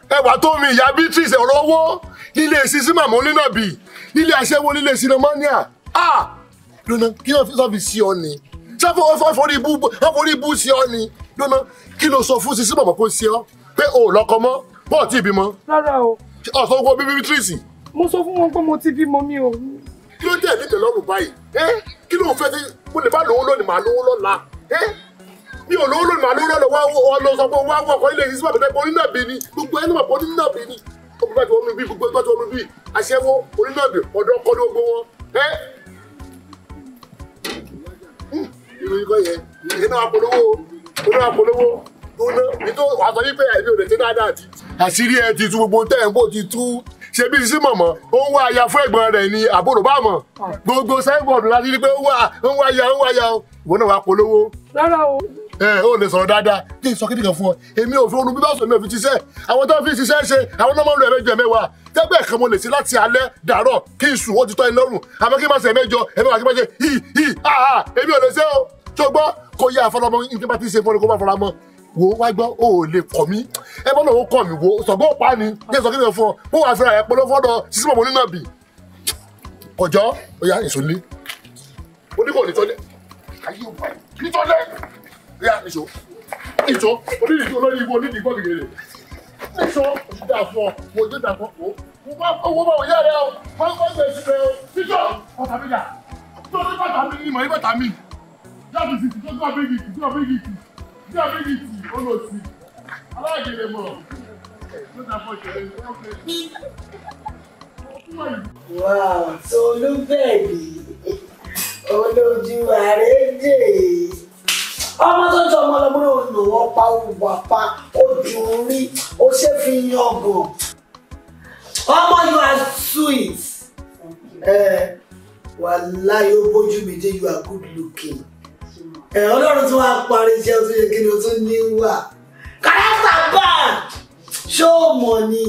ẹwà tó mi ìyá Beatrice ọ̀rọ̀ owó nílé sisi màmá onínàbì nílé aṣẹ́wó nílé sinimọ́níà lónà kí wọ́n fi sọ́ fi sí ọ ni sáfọ́ forí bú sí ọ ni lónà kí ló sọ fún sisi màmá kó sí ọ pé o ò lọ́kọ mọ́ bọ́ọ̀ tí ì bímọ. rárá o. ọ̀sán gbọ́ bíbí Beatrice. mo sọ fún wọn pé mo ti bímọ mi o. kí ló dé ní tẹ̀lọ́rùn báyìí kí ló fẹ́ mo lè bá lówó lónìí màá lówó lọ́la mi ò lówó lónìí màá lówó lọ́dọ̀ wá lọ sọ pé wá wọ̀kọ̀ ilé yìí sí bàbá ìpò onínàbì ni gbogbo ẹni màpọ̀ onínàbì ni ọmọ bá ti wọ́n mi bí gbogbo ẹgbẹ́ ti wọ́n mi bí aṣẹ́wó onínàbì ọ̀dọ́ kọ́ ló wọn ìròyìn kọ́ yẹn ìyẹn náà polówó oníwà polówó lóná ní tó wàá sọ wípé ẹ̀mí ò ṣe dáadáa àti. àṣírí ẹ ti tú gbogbo tẹ́ ẹ̀ ń bò ti tú ṣe bí sísí mọ̀mọ́ ó ń wá aya fún ẹ̀gbọ́n rẹ̀ ní àbúrò bá mọ̀ gbogbo sẹ́gbọ̀dù láti rí pé ó ń wá aya ó ń wá aya ìwọ náà wàá polówó. rárá o ẹ ò lè sọ̀rọ̀ dáadáa kí n sọ kí nìkan fún ọ èmi ò fi orun bíbá sọ mi ò fi ṣiṣẹ́ àwọn tó ń fi ṣiṣẹ́ ṣe àwọn náà máa ń lo ẹ̀mẹ́jọ ẹ̀mẹ́wàá tẹ́gbẹ́ kan mo lè ṣe láti alẹ́ dàárọ̀ kí n sùn ó ti tọ́ ẹni lọ́rùn àmọ́ kí n má ṣe ẹ̀mẹ́jọ ẹ̀mẹ́wàá kí n má ṣe hì hì àà èmi ò lè ṣe o tó gbọ́ kó yá àfọlọmọ nígbà bá ti ṣe fọlọ kó má fọlọmọ wo wá gbọ́ o ò lè kọ̀ mí ẹ bọ́ lọ́wọ́ kọ̀ mí wo sọ̀gbọ́n pa ni ní ìsọ̀kí mi fún ọ bó wàá fẹ́ra ẹ̀ pọ́nlọ́ fọ́dọ̀ sísí mọ̀mọ́ nínú àbí kọjọ́ ó yá ìsọ̀lé oníkọ̀ọ́nì tọ́lẹ̀ ayé wà nítọ́lẹ̀ rí àníṣó níṣó onídìí olórí ibo onídìí gbọ́ gègèrè níṣó òṣìṣẹ́ àfọ mo gbé dàpọ̀ kó mo bá owó bá wòye rẹ o wọ́n kọ́ ṣe ṣe o níṣó bàtà mi yà tó ní bàtà mi ní ní bàtà mi yàtò sí ti tó tó àbẹ́gì tó àbẹ́gì tì tó àbẹ́gì tì olóòtú aláàgèrè mọ̀ ló dàpọ̀ ìṣẹ̀lẹ̀ Wow, Tolú bẹ̀rì, olójú àrédè ọmọ tó ń sọ ọmọ ọlọmọdé ò lò ó pa ó wà pa ó jù ú ṣe fi yan ọgàn ọmọ you are sweet ẹ wàhálà yóò bójú mi dé you are good looking ẹ ọlọ́run tó wá parí iṣẹ́ tó yẹ kí ni o tún ní wà káràtà bad ṣó o mọ̀ ni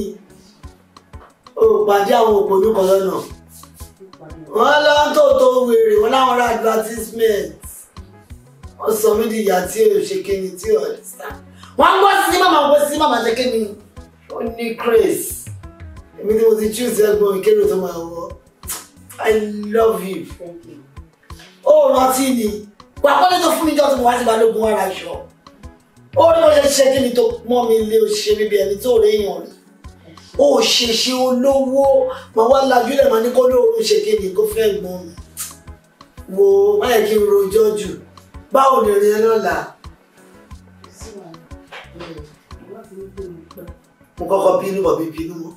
o pàdé àwọn òpònú kan lọ́nà wọ́n lọ́n tó tó wèrè wọ́n láwọn ra advertisement wọ́n sọ mí di ìyá tí ò ṣe kíni tí ò ṣe sá wọ́n gbọ́ sí màmá gbọ́ sí màmá ṣe kíni ó ní grace èmi ni mo ti choose ẹ̀gbọ́n ìkéré tó máa wọ i love you ó rántí ni wà á kọ́lé tó fún mi jọ́ tó mo wá sí balógun ara ṣọ ó rí mo ṣe ṣe kíni tó mọ́ mi lé o ṣe bíbi ẹni tó rí èèyàn rí ó ṣèṣe olówó màá wá lajú lẹ̀ máa ní kó lóorun ṣe kíni kó fẹ́ gbọ́n mi wo báyìí kí n rojọ́ jù báwo lè rí ẹ lọ́la. mo kọ́kọ́ bínú bọ̀ mi bínú mọ́.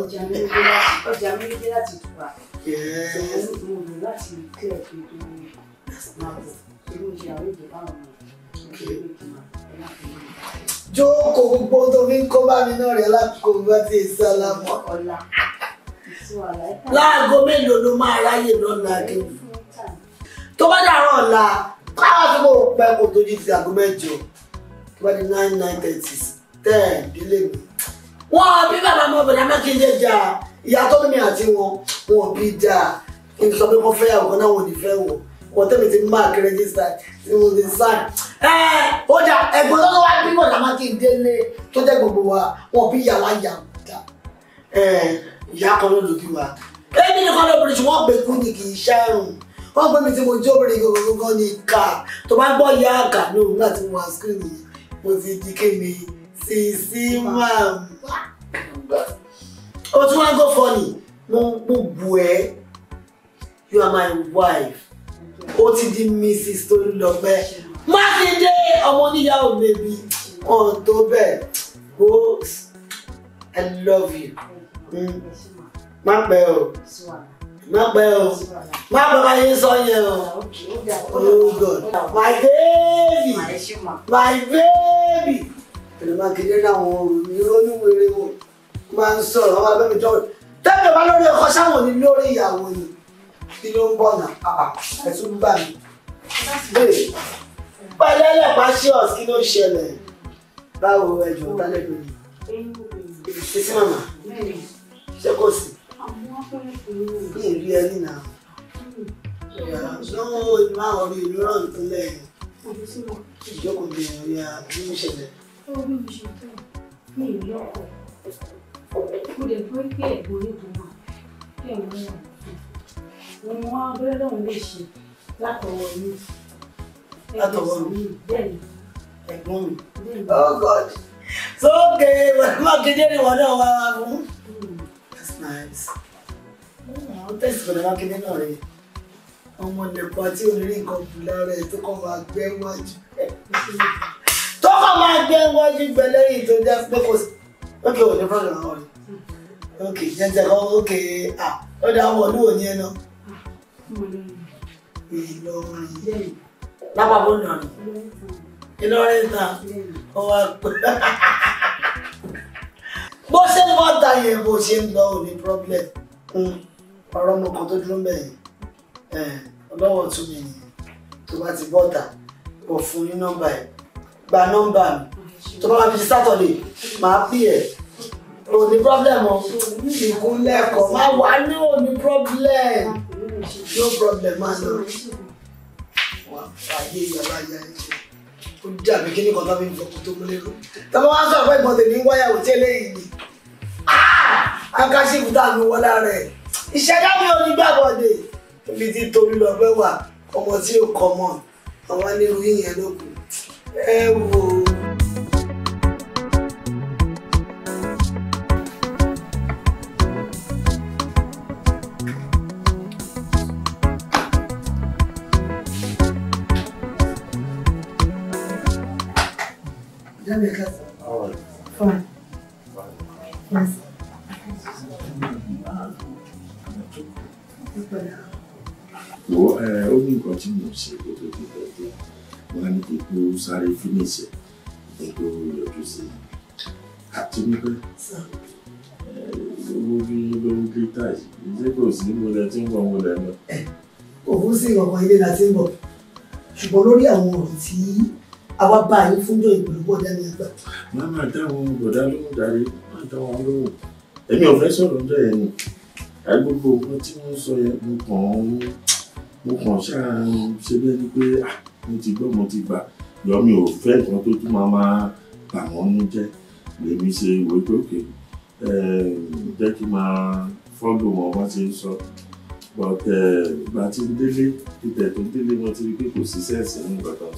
ọjà mi ń gbé láti tùpà ṣòwò mo lò láti kílẹ̀ kí n jókòó gbogbo tó fi ń kó bá mi náà rẹ̀ lákòókò bá ti sálámọ́. láago mélòó ló máa ráyè lọ́nà akéwì tó bá dàrán ọ̀la káwá tó kò pẹ́ kó tó di ti àgọ́ mẹ́jọ tó bá di nine nine thirty ten délé mi. wọ́n bí bàbá mi ọ̀bẹ̀dá mákindé jà ìyá tó mi àti wọn wọn bí jà kí n sọ pé wọ́n fẹ́ yàwó kan náà wọn ò ní fẹ́ wọ̀ wọ́n tẹ̀lé ti mark register tí mo ti sign. ẹ ó jà ẹ̀gbọ́n tó wá bí bàbá mákindé lé tó jẹ́ gbogbo wa wọn bí yàrá yàrá ìyá kan ló lò bí wa. ẹni nìkan lóbìnrin tí wọ́n gbẹ̀kú ni kì í ṣẹ́rùn wọ́n gbé mi tí mo jó obìnrin gbogbo gan tó bá gbọ́ ìyá àgà náà nígbà tí mo wà skul mo ti di kéde sisi màmá. o tún wá go funny mo mo bù ẹ́ you are my wife o ti di mrs Tolúlọpẹ́ mákindé ọmọ oníyàwó bèbí ọ̀n tó bẹ́ẹ̀ o i love you mm. má pẹ́ o má pẹ́ o má pẹ́ bá yín sọ yẹn o oh god my baby my baby ẹ̀rọ máa kéde láwọn oníwèrè wo máa ń sọ̀rọ̀ àwọn abẹ́mi jọ tẹ́lẹ̀ bá lórí ọkọ sáwọn ní lórí ìyàwó ni kí ló ń bọ̀ náà ẹ̀sùn gbà mí pẹ̀lẹ́ lẹ́pa ṣíọ̀s kí ló ṣẹlẹ̀ báwo ẹ̀jọ̀ tálẹ̀ lónìí. sísí màmá ṣé kò sí mi ì rí ẹni náà lọ́wọ́ ìmọ̀ àwọn ọ̀rẹ́ ìlú rán nǹkan lẹ́yìn ìjókòó mi ò rí àbí mi ṣẹlẹ̀. ó bí mi ṣe tán mi ì rí ọkọ̀ mo lè fún pé oh god So okay, mákindé ni wọn náà wá wá fún nice. àwọn tẹ̀sí bẹ̀rẹ̀ wá kíní náà rè ọmọ nípa tí ò ní rí nǹkan kù lára ẹ̀ tó kọ́ máa gbẹ́ wájú tó kọ́ máa gbẹ́ wájú gbẹ lẹ́yìn tó já pé kò sí ókè òní fọ́ọ̀rọ̀ náà rè ókè jẹjẹ kọ́ ókè à ó dá wọ̀lú òní ẹ̀ náà. Ìlọrin lápapọ̀ Ìlọrin Ìlọrin ta ọwọ́ àpò. bó ṣe ń wọ́n ta yẹn bó ṣe ń lọ ò ní problem ọ̀rọ̀ ọmọ kan tó dúró mẹ́yìn ọlọ́wọ́ tún mi nìyẹn tó bá ti bọ́ta kò fún ní nọ́mbà ẹ̀ gba nọ́mbà mi tó bá wà fi ṣe sátọ̀dé màá pè ẹ̀ ò problem o ìkúnlẹ̀kọ̀ máa wà ní ò problem no problem máa lọ wà fàyè yàrá yàrá ìṣẹ̀lẹ̀ ó dàbí kí ní kan tó fi ń fọkàn tó múlẹ̀ lọ. tọ́ba wá sọ̀rọ̀ ìbọn tèmi ń wáyà ò tí eléyìí ni ah! akáṣífù tá a mi wọ lára ẹ̀ ìṣẹ̀dá mi ò ní gbàgbọ́dé ibi tí torí lọ pẹ́ wà ọmọ tí ò kọ́ mọ́ àwọn onírúurú yẹn ló kù ẹ wò ó. have your class? Right. Fine. Yes. Wo eh, ó ní nǹkan tí mo ṣe kó tó di bẹ́ẹ̀ wọ́n á ní kí kó sáré fínísì kí kó yọjú sí i. Àti wípé eh, owó bí ló ń gbé táyì ṣé kò sí mo lẹ tí ń bọ̀ mo lẹ lọ. Òun sì ọ̀pọ̀ ilé la ti ń bọ̀ ṣùgbọ́n lórí àwọn ọ̀rọ̀ tí àwa bá yín fún jọ ìpolówó ọjà ní ẹgbẹ́. má má dáhùn bọ̀dá lóhùn darí má dáhùn lóhùn èmi ò fẹ́ sọ̀rọ̀ ọjọ́ yẹn ni àgbègbè ogun tí wọ́n sọ yẹn mo kàn án mo kàn ṣáà ṣe lẹ́ni pé ah, mo ti gbọ́ mo ti gbà yọ mi ò fẹ́ nǹkan tó tún máa máa bà wọ́n nú jẹ́ lèmi ṣe ìwé gòkè eh, jẹ́ kí n máa fọ́lù wọn bá ṣe ń sọ but ìgbà eh, tí délé ìtẹ̀ délé wọn ti rí pé kò sí sẹ́ẹ̀sì ní ìgbà tó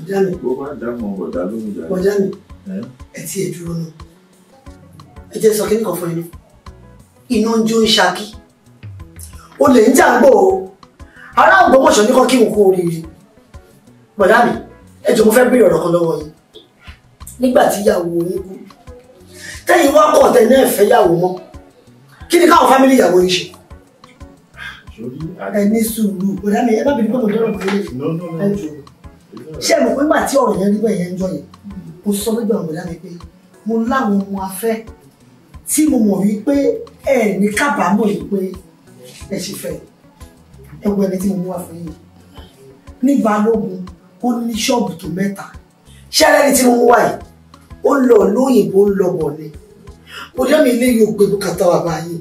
bọ̀dánì. bó bá dáhùn bọ̀dá ló ń jà. bọ̀dánì ẹ tiẹ̀ dúró nù ẹ jẹ́ sọ kíní kan fún inú iná ń jó ń ṣakí o lè ń jàǹgbò o ará Ògbómọ̀ṣọ́ ní kan kí n kú oríire bọ̀dánì ẹ jọ mo fẹ́ béèrè ọ̀rọ̀ kan lọ́wọ́ yìí nígbà tí ìyàwó yín kú tẹ́yìn wá kọ̀ tẹ̀ náà fẹ́ yàwó mọ́ kí ni káwọn fámìlì ìyàwó yín ṣe ẹ ní sùúrù bọ̀dánì ẹ bá bìí bọ̀ ṣé mo pé gbà tí ọ̀rọ̀ yẹn rí bẹ́ẹ̀ yẹn ń jọ yẹn mo sọ lọ́jọ́ ọ̀rọ̀ ìdáni pé mo láwọn ọmọ afẹ́ tí mo mọ̀ wípé ẹ ní kábàámọ̀ yìí pé ẹ ṣe fẹ́ ẹ wọ ẹni tí mo mú wá fún yìí ní balógun ó ní ṣọ́ọ̀bù tó mẹ́ta ṣé ẹni tí mo mú wá yìí ó lọ lóyìnbó ń lọ bọ̀ ni mo jẹ́ mi ilé yóò gbé bùkátà wà báyìí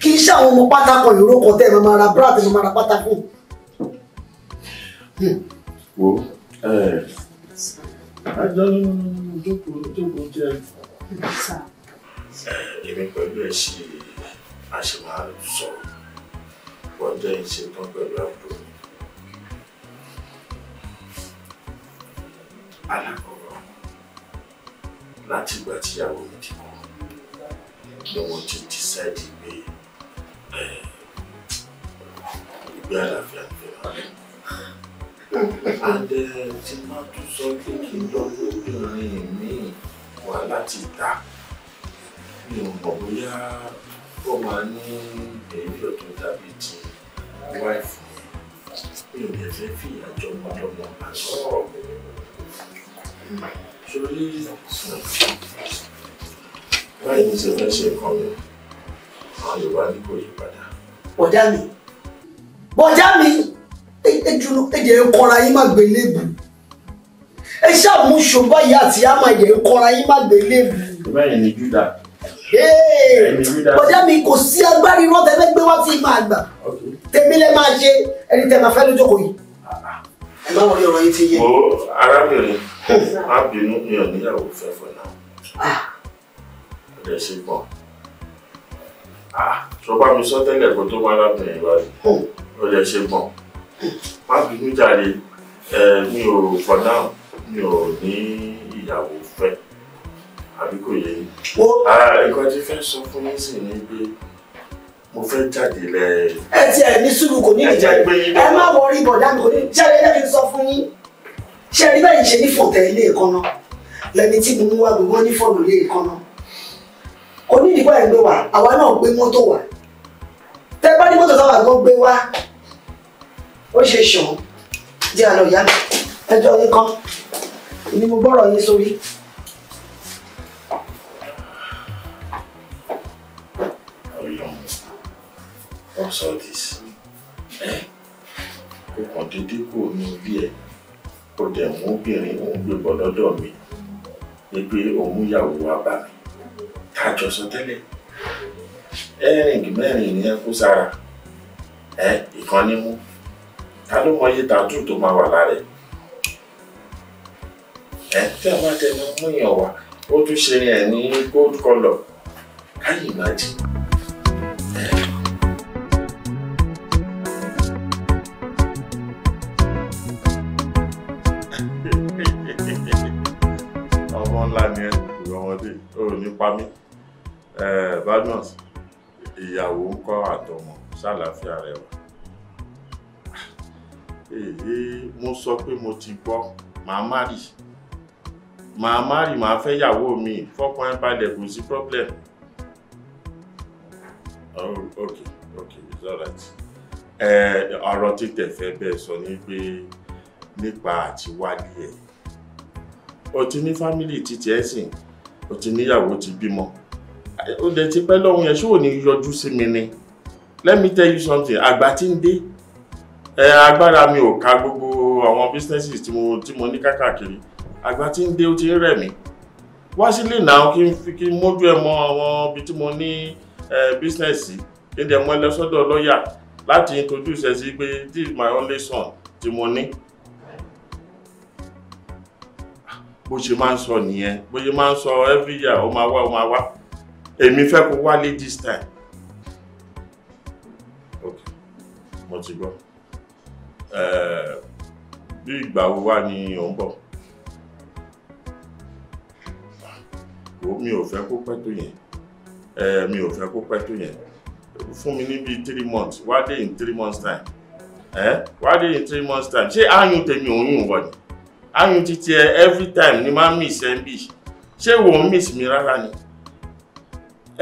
kì í ṣe àwọn ọmọ pátákọ ìrókọ tẹ́ ẹ máa ra búrà tẹ́ ẹ máa ra pátákó. Hmm ajá èmi pẹ̀lú ẹ̀ ṣe àṣemá sọ̀rọ̀ pẹ̀lú àbúrò alákọ̀ọ́rọ̀ láti ìgbà tíyàwó mi ti kú ni wọ́n ti decide pé ìgbé àlàáfíà ń fẹ́ràn and tí má tún sọ pé kí n lọ lóbìnrin mi wá láti ta mi ò mọ̀ bóyá ó máa ní èyí ọ̀tún tàbí ti wáìfù mi ò lè fẹ́ fìyà jọmọjọmọ bá sọ̀rọ̀ sórí báyìí ní ṣe ṣe kàn mí àwọn Yorùbá ní kò yí padà. bọ̀dá mi bọ̀dá mi ẹjẹ ń kọra yín má gbé léèbù ẹ ṣàmú ṣùgbọ́n báyìí àti àmà ẹjẹ ń kọra yín má gbé léèbù. báyìí ni Júdà. bọ́dá mi kò sí agbárí wọn tẹ́lẹ̀ gbé wá sí máa gbà tèmi lẹ máa ṣe ẹni tẹ́ máa fẹ́ lójú kò yìí. ẹ má wọlé ọ̀rọ̀ yìí ti yé. o arábìnrin má bínú mi ò níyàwó fẹ́ fún náà ọ̀dẹ̀ ah! ṣe gbọ́n ah! sọ bá mi sọ tẹ́lẹ̀ kó tó má lábẹ́ ìwádìí ó lè ṣe gbọ́n má bínú jàre mi ò for now mi ò ní ìyàwó fẹ́ àbí kò yẹ yín. ó ah, nǹkan tí fẹ́ sọ fún yín sì ni pé mo fẹ́ jáde lẹ. ẹ ti ẹ ní sùúrù kò ní ìjà ẹ má wọrí bọ̀dá mi kò ní jáde lẹ́yìn sọ fún yín ṣe rí báyìí ṣe ní fọ̀tẹ̀ ilé ìkànnà lẹni tí mo mú wá gbogbo ní fọ̀nù ilé ìkànnà onídìbò ẹ̀ gbé wa àwa náà gbé mọ́tò wa tẹ́ ní mọ́tò táwa gbọ́ gbé wa ó ṣe ṣàn jẹ́ àlọ́ ìyá mi ẹjọ́ yín kan ni mo bọ́rọ̀ yín sórí. consultis eh? kò kàn dédé kúrò ní orí ẹ kò dẹ̀ mú obìnrin òun gbé bọ̀ lọ́dọ̀ mi ni pé òun yàwó wa bá mi ká jọ sọ tẹ́lẹ̀ ẹ̀rìn mẹ́rin ni ẹ kó sára ẹ eh? ìkànnì mú ta ló mọ iye tàtú tó máa wà lára ẹ̀ ẹ̀ tí a bá tẹnu mú yàn wá ó tún ṣe ẹ̀ ní gold colour can you imagine. ọmọ ńlá ni ẹ ọmọdé ò ní badmus ìyàwó ń kọ́ àtọmọ ṣàlàáfíà rẹ wà èyí mo sọ pé mo ti gbọ́ màá má rì màá má rì màá fẹ́ yàwó mi fọ́pọ́n ẹ balẹ̀ kò sí problem. Oh, okay okay it's alright. ọ̀rọ̀ títẹ̀ fẹ́ bẹ́ẹ̀ sọ ni pé nípa àtiwálé ẹ̀ o ti ní family títí ẹ̀ sìn o ti níyàwó ti bímọ o dẹ̀ ti pẹ́ lọ́hùn yẹn ṣé ò ní yọjú sí mi ni let me tell you something àgbà tí ń dé ẹ agbára mi ò ka gbogbo àwọn businesses tí mo tí mo ní kákàkiri àgbà tí ń dé ó ti ń rẹ̀ mí wá sílé náà kí n fi kí n mójú ẹ mọ àwọn ibi tí mo ní business kí n dẹ̀ mọ ẹlẹ́sọ́dọ̀ lọ́ọ̀yà láti introduce ẹ sí pé this is my only son tí mo ní. bó ṣe máa ń sọ nìyẹn bó ṣe máa ń sọ every year ó máa wá ó máa wá èmi fẹ́ kó wálé this time. ok mo ti gbọ́. Eh, bí ìgbà wo wá ni ò ń bọ̀ mi ò fẹ́ kó pẹ́ tó yẹn eh, mi ò fẹ́ kó pẹ́ tó yẹn fún mi ní bíi three months wá dé in three months time eh, wá dé in three months time ṣé àyùn tèmi òun yùn wọ̀ ni àyùn títí ẹ every time ni máa ń miss ẹ ń bì ṣé wò ń miss mi rárá ni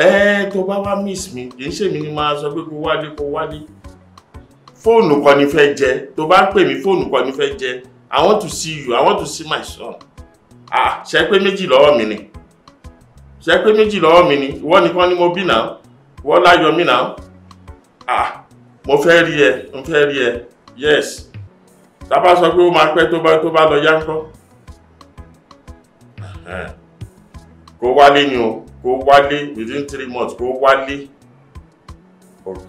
ẹ tó bá wá miss mi kì í ṣèmi ni máa sọ pé kó wálé kó wálé fóònù kọ́ ni fẹ́ jẹ tó bá ń pè mí fóònù kọ́ ni fẹ́ jẹ i want to see you i want to see my son ah ṣe pé méjì lọ́wọ́ mi ni ṣe pé méjì lọ́wọ́ mi ni ìwọ nìkan ni mo bí náà ìwọ láyọ̀ mí náà ah mo fẹ́ rí ẹ mo fẹ́ rí ẹ yes tá bá sọ pé ó máa pẹ́ tó bá tó bá lọ yá ńkọ́ kó wálé ni o kó wálé within three months kó wálé ok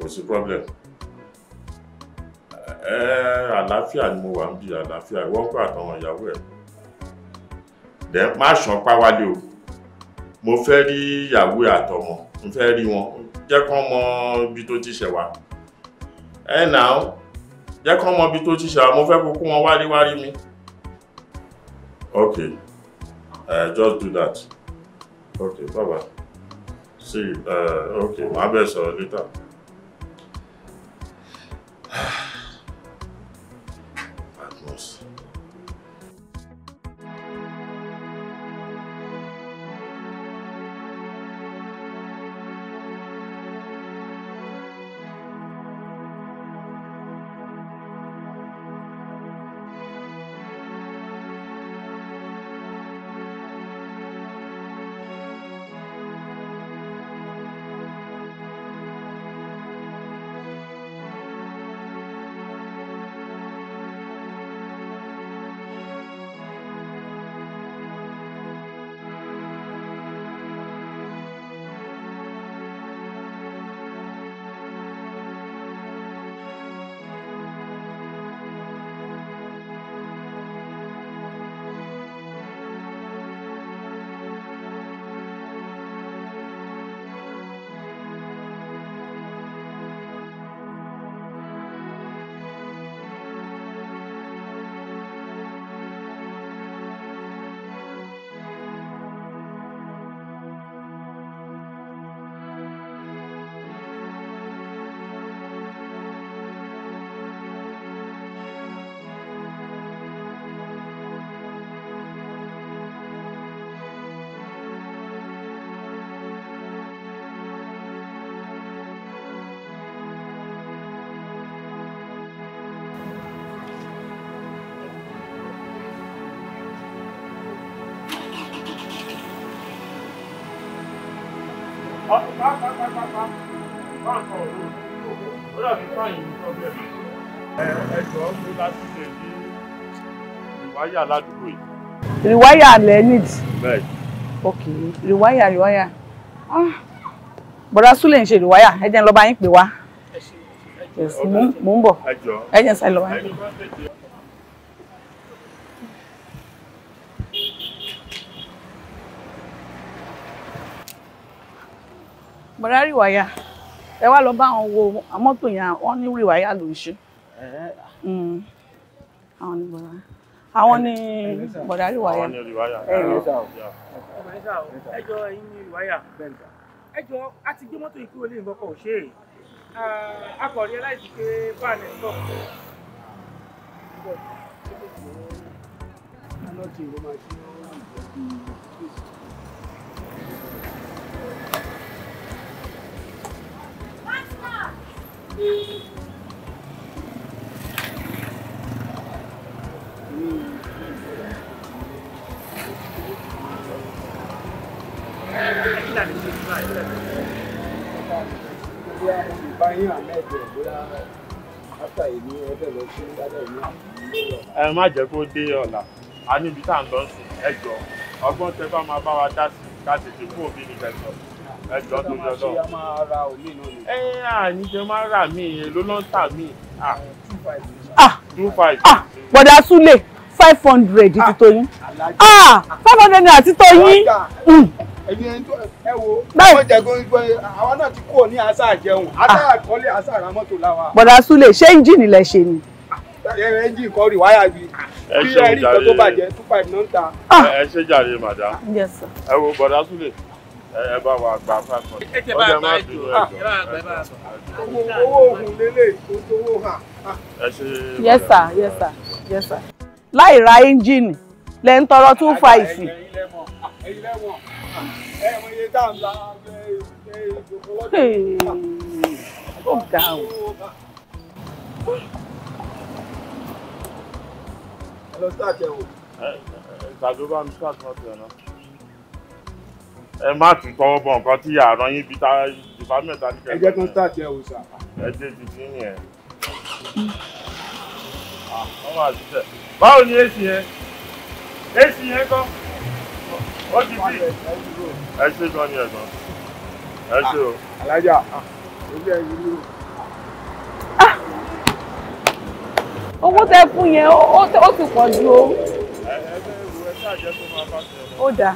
kò sí problem. Eh, àlàáfíà ni mo wà ń bi àlàáfíà ìwọ ń àtàwọn ìyàwó ẹ dẹ má ṣàn páwálé o mo fẹ́ rí ìyàwó àtọmọ mo fẹ́ rí wọn jẹ́ kán mọ ibi tó ti ṣẹ̀ wá ẹ nà ó jẹ́ kán mọ ibi tó ti ṣẹ̀ wá mo fẹ́ kó wọn wárí wárí mi okay uh, just do that okay bye bye see you uh, okay màá bẹ̀ sọ̀rọ̀ later. ẹjọ́ mi láti lè ní rìwáyà ládùúgbò yìí. rìwáyà lẹ need. bẹ́ẹ̀. ok rìwáyà rìwáyà ah, bọ̀dá súlẹ̀ ń ṣe rìwáyà ẹ jẹ́ n mo ń bọ̀ ẹ jẹ́ n sáré lọ bá mọ̀rá rìwáyà ẹ wá lọ bá wọn wo mọ́tò yẹn wọ́n ní rìwáyà ló ń ṣe. Mm. àwọn ni mọ̀rá àwọn ni mọ̀rá rìwáyà. ẹjọ́ ẹ̀yin ni rìwáyà ẹjọ́ a ti gbé mọ́tò yìí kúrò lẹ́yìn kọ́kọ́ ò ṣe é akọ̀rí aláìsí pé báàlẹ̀ ń bọ̀. Thank you. ẹ má jẹ́ kó dé ọ̀la a níbi tá à ń lọ sùn ẹ jọ ọgbọ́n tẹ bá máa bá wa dá sí ká kú òbí sọ. ẹjọ́ tó jọ lọ. ṣé a máa máa rà mí èló ló ń tà mí. five. Ah! Ah! bọ̀dà súlẹ̀ five hundred ti ah! five hundred naira ti hmm. tó yín. ẹ wo àwọn jẹgún àwọn náà ti kúrò ní àṣà jẹun àṣà àkọlé àṣà àràmọ́tò làwà. bọ̀dà súlẹ̀ ṣé ẹ́ńjìnì lẹ ṣe ni ẹ́ńjìn kan rí wáyà bí bí ẹ̀rí ìtọ́ bàjẹ́ two five náà ń ta. ẹ ṣe jàre màdá ẹ wo bọ̀dá súlẹ̀ ẹ bá wa gba fáfọ ọjà má bínú ẹjọ owó oògùn lélẹ̀ owó hàn. yes sir yes sir yes sir láì ra ẹ́ńjìnì lẹ́ ń tọrọ two five. Ah, ah, ó ga o. ẹ lọ sí àtẹ̀wò. tàbí ó bá mi sí àtúntò ẹ̀ náà ẹ má tún tọwọ́ bọ nǹkan tí àrùn yín bíi department ta ní kẹfẹ́. ẹ jẹ́ kán tàkì ẹ̀ wò sà. ẹ dé ti yẹn. báwo ni èsì yẹn èsì yẹn kọ́ ó ti bí. ẹ ṣe gan ni ẹ̀gbọ́n ẹ ṣe o. alájà ojú ẹ̀ yìí ló. owó tẹ fún yẹn ó ti pọ̀ ju o. ẹ ẹ bẹ́ẹ̀ wo ẹ ṣáà jẹ́ kó máa bá ṣe ọ̀rọ̀. ó dáa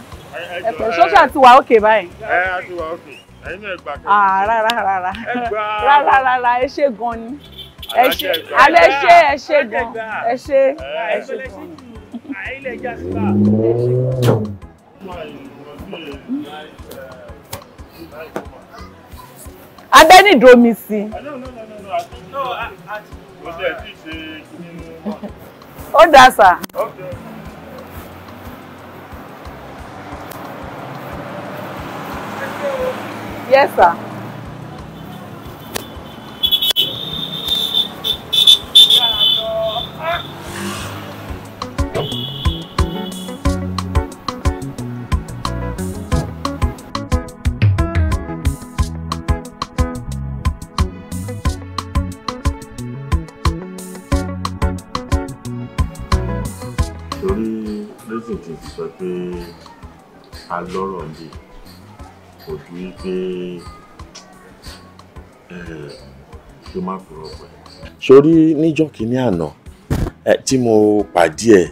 ẹ̀pẹ̀ ṣọ́ṣà ti wà òkè báyìí. ẹ á ti wà òkè ẹ̀yin náà gbà ah rárá rárá rárá rárá ẹ ṣé gan ni ẹ ṣé alẹ́ ṣé ẹ ṣé gan ẹ ṣé ẹ ṣé gan. ilé ìjà sí bá ẹ ṣé gan. abẹ́ ní ìdromi sí. ó dà sá. Okay. Yes, sir. torí lẹ́sìn tí ti sọ pé a lọ́rọ̀ ń bì pẹ̀lú wípé eh, ṣe má kúrò pẹ̀. sórí níjọ́ kìíní àná tí mo pàdé ẹ̀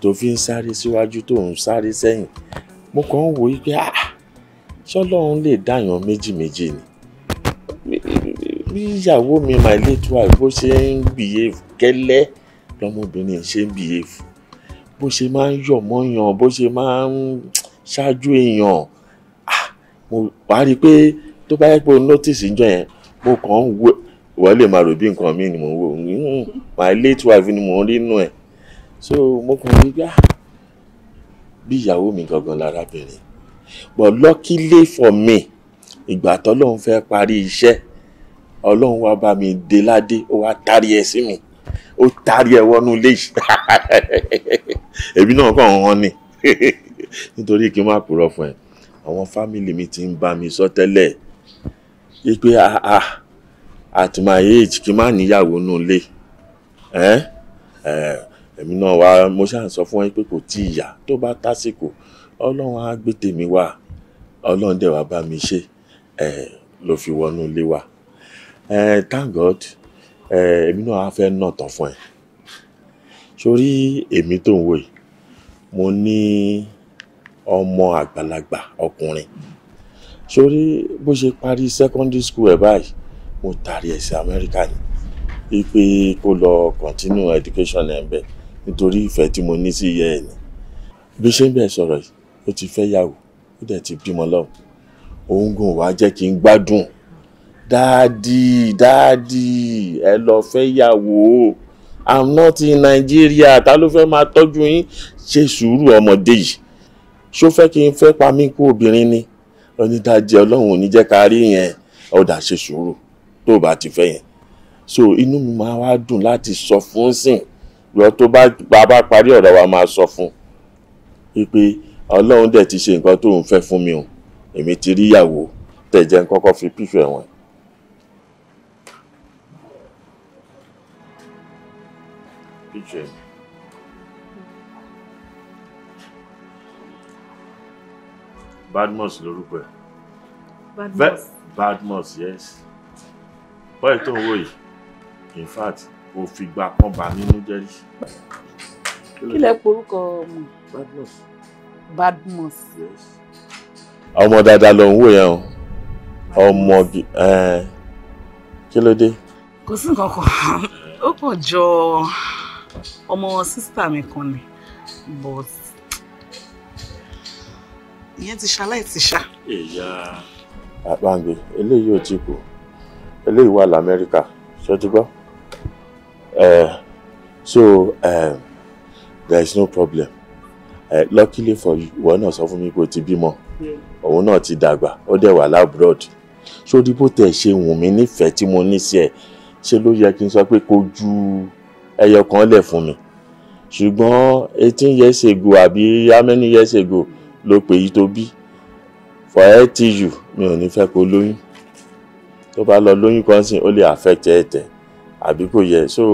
tó fi ń sáré síwájú tó ń sáré sẹ́yìn mo kàn ń wò ó pé ah, ṣọlọ́run lè dáyàn méjì méjì ni bí ìyàwó mi my late wife bó ṣe ń behave gẹ́lẹ́ lọ́mọbìnrin ṣe ń behave bó ṣe máa ń yọ̀ mọ́yàn bó ṣe máa ń ṣáájú èèyàn mo wàá rí i pé tó bá yẹ pé o notice ìjọ yẹn mo kàn ń wo ìwọ lè máa rò bí nǹkan mi ni mo ń wò hmm, my late wife ni mo ń rí inú ẹ̀ so mo kàn rí gbá ah, bí ìyàwó mi gangan lárábìnrin but luckily for me ìgbà tọ́lọ́run fẹ́ parí iṣẹ́ ọlọ́run wá bá mi dé ládé ó wá tarí ẹ sí mi ó tarí ẹ wọnú ilé yìí ẹbí náà kàn ń hàn ni nítorí kí n má purọ́ fún ẹ àwọn fámìlì mi ti ń bá mi sọ tẹ́lẹ̀ yí pé ah, ah, at my age kí n má níyàwó nù lé èmi náà wá mo ṣáà sọ fún ẹ pé kò tí ì yá tó bá tásìkò ọlọ́run á gbé tèmi wá ọlọ́run dẹ̀ wá bá mi ṣe ẹ ló fi wọnú ilé wa thank God ẹ èmi náà á fẹ́ nà tán fún ẹ sórí èmi tó ń wò yìí mo ní. Ni ọmọ àgbàlagbà ọkùnrin sórí bó ṣe parí secondary school ẹ̀ báyìí mo taari ẹ̀ sí amẹ́ríkà ni wípé kó lọ continue education ẹ̀ ń bẹ̀ nítorí ìfẹ́ tí mo ní sí ìyá ẹ̀ ni bí ṣe ń bẹ̀ sọ̀rọ̀ yìí ó ti fẹ́ yàwó ó dẹ̀ ti bímọ lọ́wọ́ òun gùn wá jẹ́ kí n gbádùn dáàdì dáàdì ẹ lọ fẹ́ yàwó i'm not in Nigeria ta ló fẹ́ máa tọ́jú yín ṣe sùúrù ọmọdé yìí ṣó fẹ́ kí n fẹ́ pa mí kú obìnrin ni onídàájẹ́ ọlọ́run ò ní jẹ́ ká rí yẹn ọ̀dà ṣe sùúrù tó o bá ti fẹ́ yẹn so inú mi máa wá dùn láti sọ fún sìn lọ tó bá bá parí ọ̀rọ̀ wa máa sọ fún pé ọlọ́run dẹ̀ ti ṣe nǹkan tó ń fẹ́ fún mi o èmi ti rí ìyàwó tẹ̀jẹ̀ ń kọ́kọ́ fi pífẹ́ wọn. picture. Badmus lorúkọ ẹ̀. Badmus. Badmus yes. bọ́ọ̀lù tó ń wò yìí in fact kò fìgbà kan bà nínú jẹ́ rí. kí lẹ porúkọ ọmọ. Badmus. Badmus. yes. ọmọ dáadáa ló ń wò yẹn o ọmọ kí ló dé. kò sí nǹkan kan ó kàn jọ ọmọ sísítà mi kan ni but ìyẹn ti ṣaláìtì ṣá. àbáǹgbé eléyìí ò tí kù eléyìí wà lamẹ́ríkà ṣojú gbọ́ so um, there is no problem uh, luckily for you ìwọ náà sọ fún mi pé o ti bímọ òun náà ti dàgbà ó dẹ̀ wà lábúrọ̀d sórí bó tẹ̀ ṣe wùn mí nífẹ̀ẹ́ tí mo ní sí ẹ̀ ṣe ló yẹ kí n sọ pé kó ju ẹyọ kan lẹ̀ fún mi ṣùgbọ́n eighteen years ago àbí how many years ló pe èyí tó bí for LTU mi ò ní fẹ́ kó lóyún tó bá lọ lóyún kan sìn ó lè affect ẹ̀tẹ̀ àbí kò yẹ so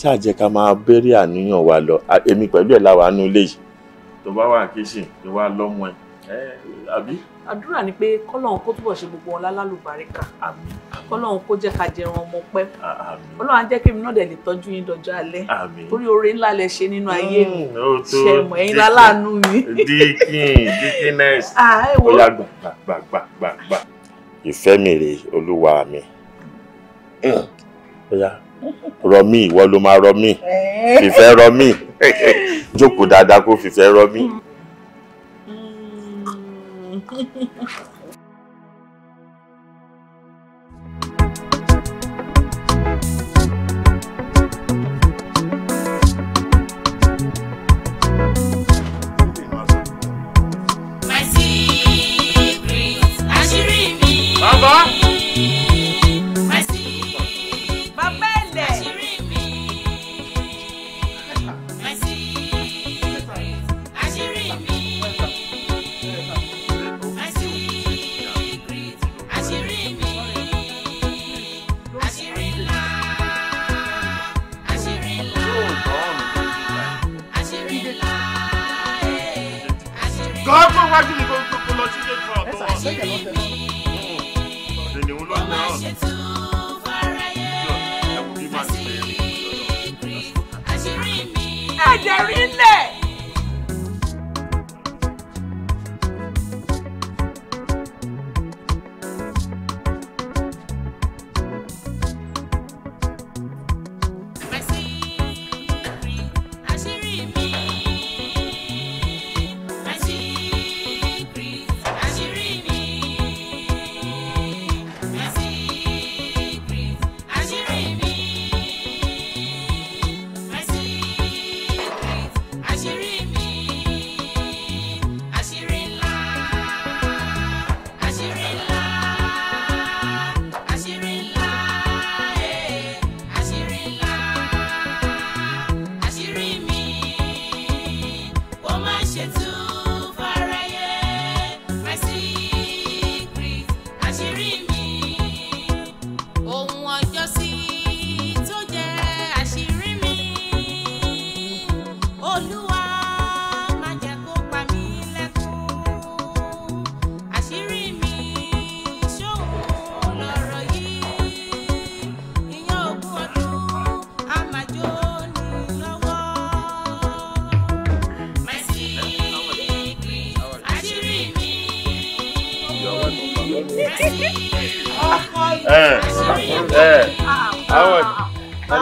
ṣáàjẹ́ ká máa bẹ̀rẹ̀ àníyàn wa lọ èmi pẹ̀lú ẹ̀ láwa nú ilé yìí tó bá wà kíṣìn tó wá lọ́mọ ẹ̀ àbí. àdúrà ni pé kọ́lọ́hún kó túbọ̀ ṣe gbogbo ọlá lálùbáríkà àmín kọ́lọ́run kó jẹ́ ká jẹran ọmọ pẹ́ ọlọ́run á jẹ́ kí èmi náà dẹ̀ lè tọ́jú yín dọjọ́ alẹ́ torí oore ńlá lẹ ṣe nínú ayé mi mm, ṣẹ̀mọ̀ ẹ̀yin láláàánú mi. dikin dikiness bóyá gbàgbàgbàgbà. ìfẹ́ mi rèé olúwa mi bóyá mm. rọ mí ìwọ ló máa rọ mí fìfẹ́ rọ mí jókòó dáadáa kó fìfẹ́ rọ mí. Mm.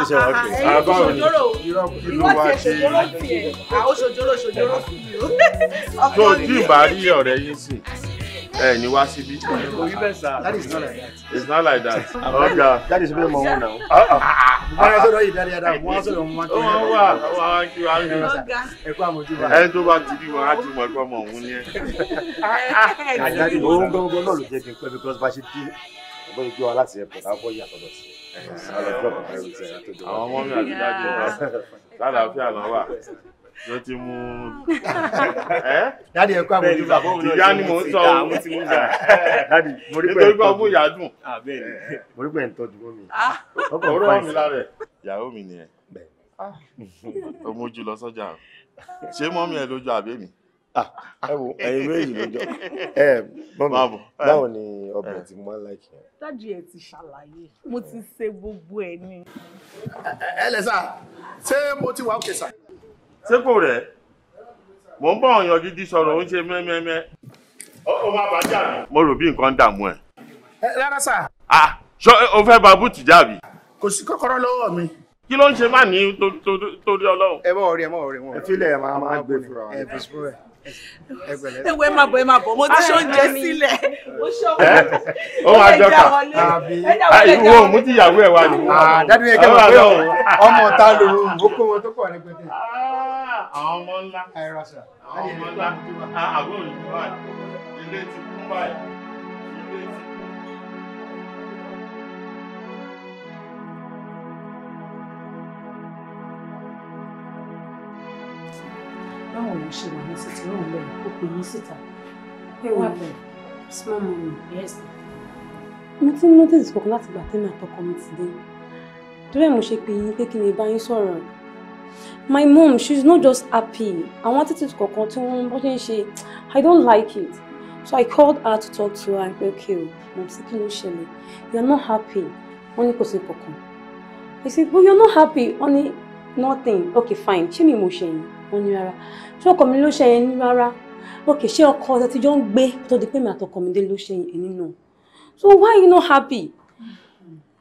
ṣe wà kí. àbáwò ni ìwọ ti ṣòjòrò fi ẹ àwọn ṣòjòrò ṣòjòrò fi yìí o. tó tí ìbá rí ọ̀rẹ́ yín sìn ẹ ní wá síbí. that is not like that. it's not like that. ọjà that is where ah, ah, ah, mo wọn náà. báyọ̀ sọ̀rọ̀ yìí dárí ẹ̀dá mo sọ̀rọ̀ mo máa kí wọ́n. wọ́n wà kí wọ́n á kí ẹ̀kọ́ àmójúbà. ẹni tó bá ti rí wọn á ti mọ̀ ẹ̀kọ́ ọmọ òun ni ẹ. àjàdí òun gbọ́ngbọ́n náà ló jẹ́ kí n pẹ́ because bá ṣe dín ọgbọ́n ìjọ aláṣẹ ẹ̀pọ̀ lábọ́ yàtọ̀ lọ sí i àwọn ọmọ mi àti dájú wa lálàáfíà náà wà ló ti mú dádì ẹ kó àbójú bàbá òun náà ìyá ni mò ń sọ ohun mo ti mú gbà dádì mo rí pé nítorí pé ọgbọ́n ìyá dùn mo rí pé ń tọ́jú mọ́ mi ọkọ̀ ọ̀rọ̀ mi lára ẹ̀ ìyàwó mi nìyẹn ó mójú lọ sọ́jà ṣé mọ́ mi ẹ̀ lójú àbẹ́ mi. Ah, wo ẹyin méjì ló jọ ẹ mọmi báwo ni ọbẹ̀ tí mo máa ń láìkì yẹn. dájú ẹ ti ṣàlàyé mo ti ṣe gbogbo ẹ ní. ẹ lẹ sá ṣé mo ti wà òkè sá. ṣé kò rẹ̀ mò ń bọ̀ ọ̀yàn gidi sọ̀rọ̀ ó ń ṣe mẹ́mẹ́mẹ́. ó máa bàjẹ́ àmì. mo rò bí nǹkan dààmú ẹ. rárá sá. ah ṣọ o fẹ́ ba búùtù jáàbí. kò sí kọ́kọ́rọ́ lọ́wọ́ mi kí ló ń ṣe má ní torí ọlọ́run. ẹ mọ̀ ọ̀rẹ́ ẹ mọ̀ ọ̀rẹ́ wọn. ẹ fi ilẹ̀ máa máa gbé ni. ẹ bùsùn ewu ẹ máa ẹ máa mo ti ṣe sílẹ̀ ah, mo ṣe oúnjẹ ìwọ òun ti yàwó ẹ wá ni. Ah, dádì yẹn kẹ́kọ̀ọ́ pé ọmọ ta ló ń kó wọn tó pọ̀ rẹpẹtẹ. Ah, àwọn ọmọ ńlá àwọn ọmọ ńlá àbúrò ìlú báyìí ilé ti kú báyìí. mo ṣe wà ní títí ó ń bẹ̀rẹ̀ ó pè mí síta pé wà bẹ̀rẹ̀ small money yes. mo ti ń notice kankan láti gbà tẹ́lẹ̀ àtọkọ mi ti dé torí ẹ̀ mo ṣe pè yín pé kí ni bá yín sọ̀rọ̀ my mom she's not just happy àwọn attitude kankan tí wọ́n bọ́ ṣe ń ṣe i don't like it so i called her to talk to her and okay o mo ti kí ló ṣẹlẹ̀ you are not happy wọ́n ní kò sí kankan i said but you are not happy wọ́n ní nothing okay fine ṣé mi mo ṣe yín wọ́n ní rárá ṣé ọkọ mi ló ṣe yẹn ní rárá okay ṣé ọkọ ọ̀sẹ̀ tí jọ ń gbé tó di pé mi àtọkọ mi dé ló ṣe yẹn nínú so why you not happy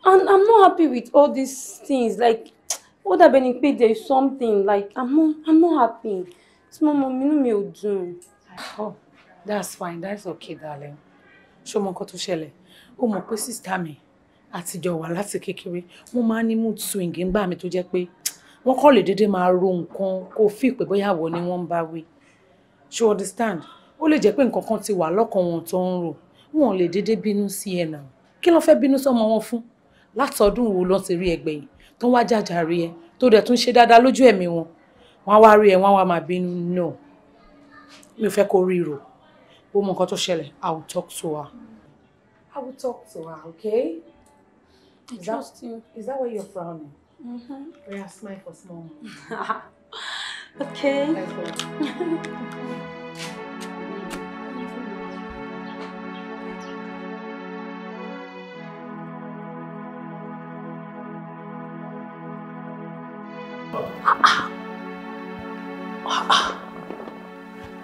and i'm not happy with all these things like ó dàbẹ̀ ni pé there is something like i'm not i'm not happy tí mo mọ inú mi ò dùn. oh that's fine that's okay darling ṣé o mọ nǹkan tó ṣẹlẹ̀ o mọ̀ pé sísítà mi àtijọ́ wà láti kékeré wọ́n máa ń ní mood swing ńgbà mi tó jẹ́ pé wọ́n kọ́ lè dédé máa ro nǹkan kó fi pé bóyá wọ ni wọ́n ń bá wí ṣé o understand ó lè jẹ́ pé nǹkan kan ti wà lọ́kàn wọn tó ń rò wọn lè dédé bínú sí ẹ náà kí ló fẹ́ bínú sọ́mọ wọn fún látọdún wo lọ́n ti rí ẹgbẹ́ yìí tó ń wá jàjà rí ẹ tó dẹ̀ tún ṣe dáadáa lójú ẹ̀mí wọn wọn á wá rí ẹ wọn á wá máa bínú no mi ò fẹ́ kó rí rò bó mọ nǹkan tó ṣẹlẹ̀ i will talk to her. i will talk to her okay. i trust that, you. is that why you're frowning. Mm -hmm. We have smile for small. okay.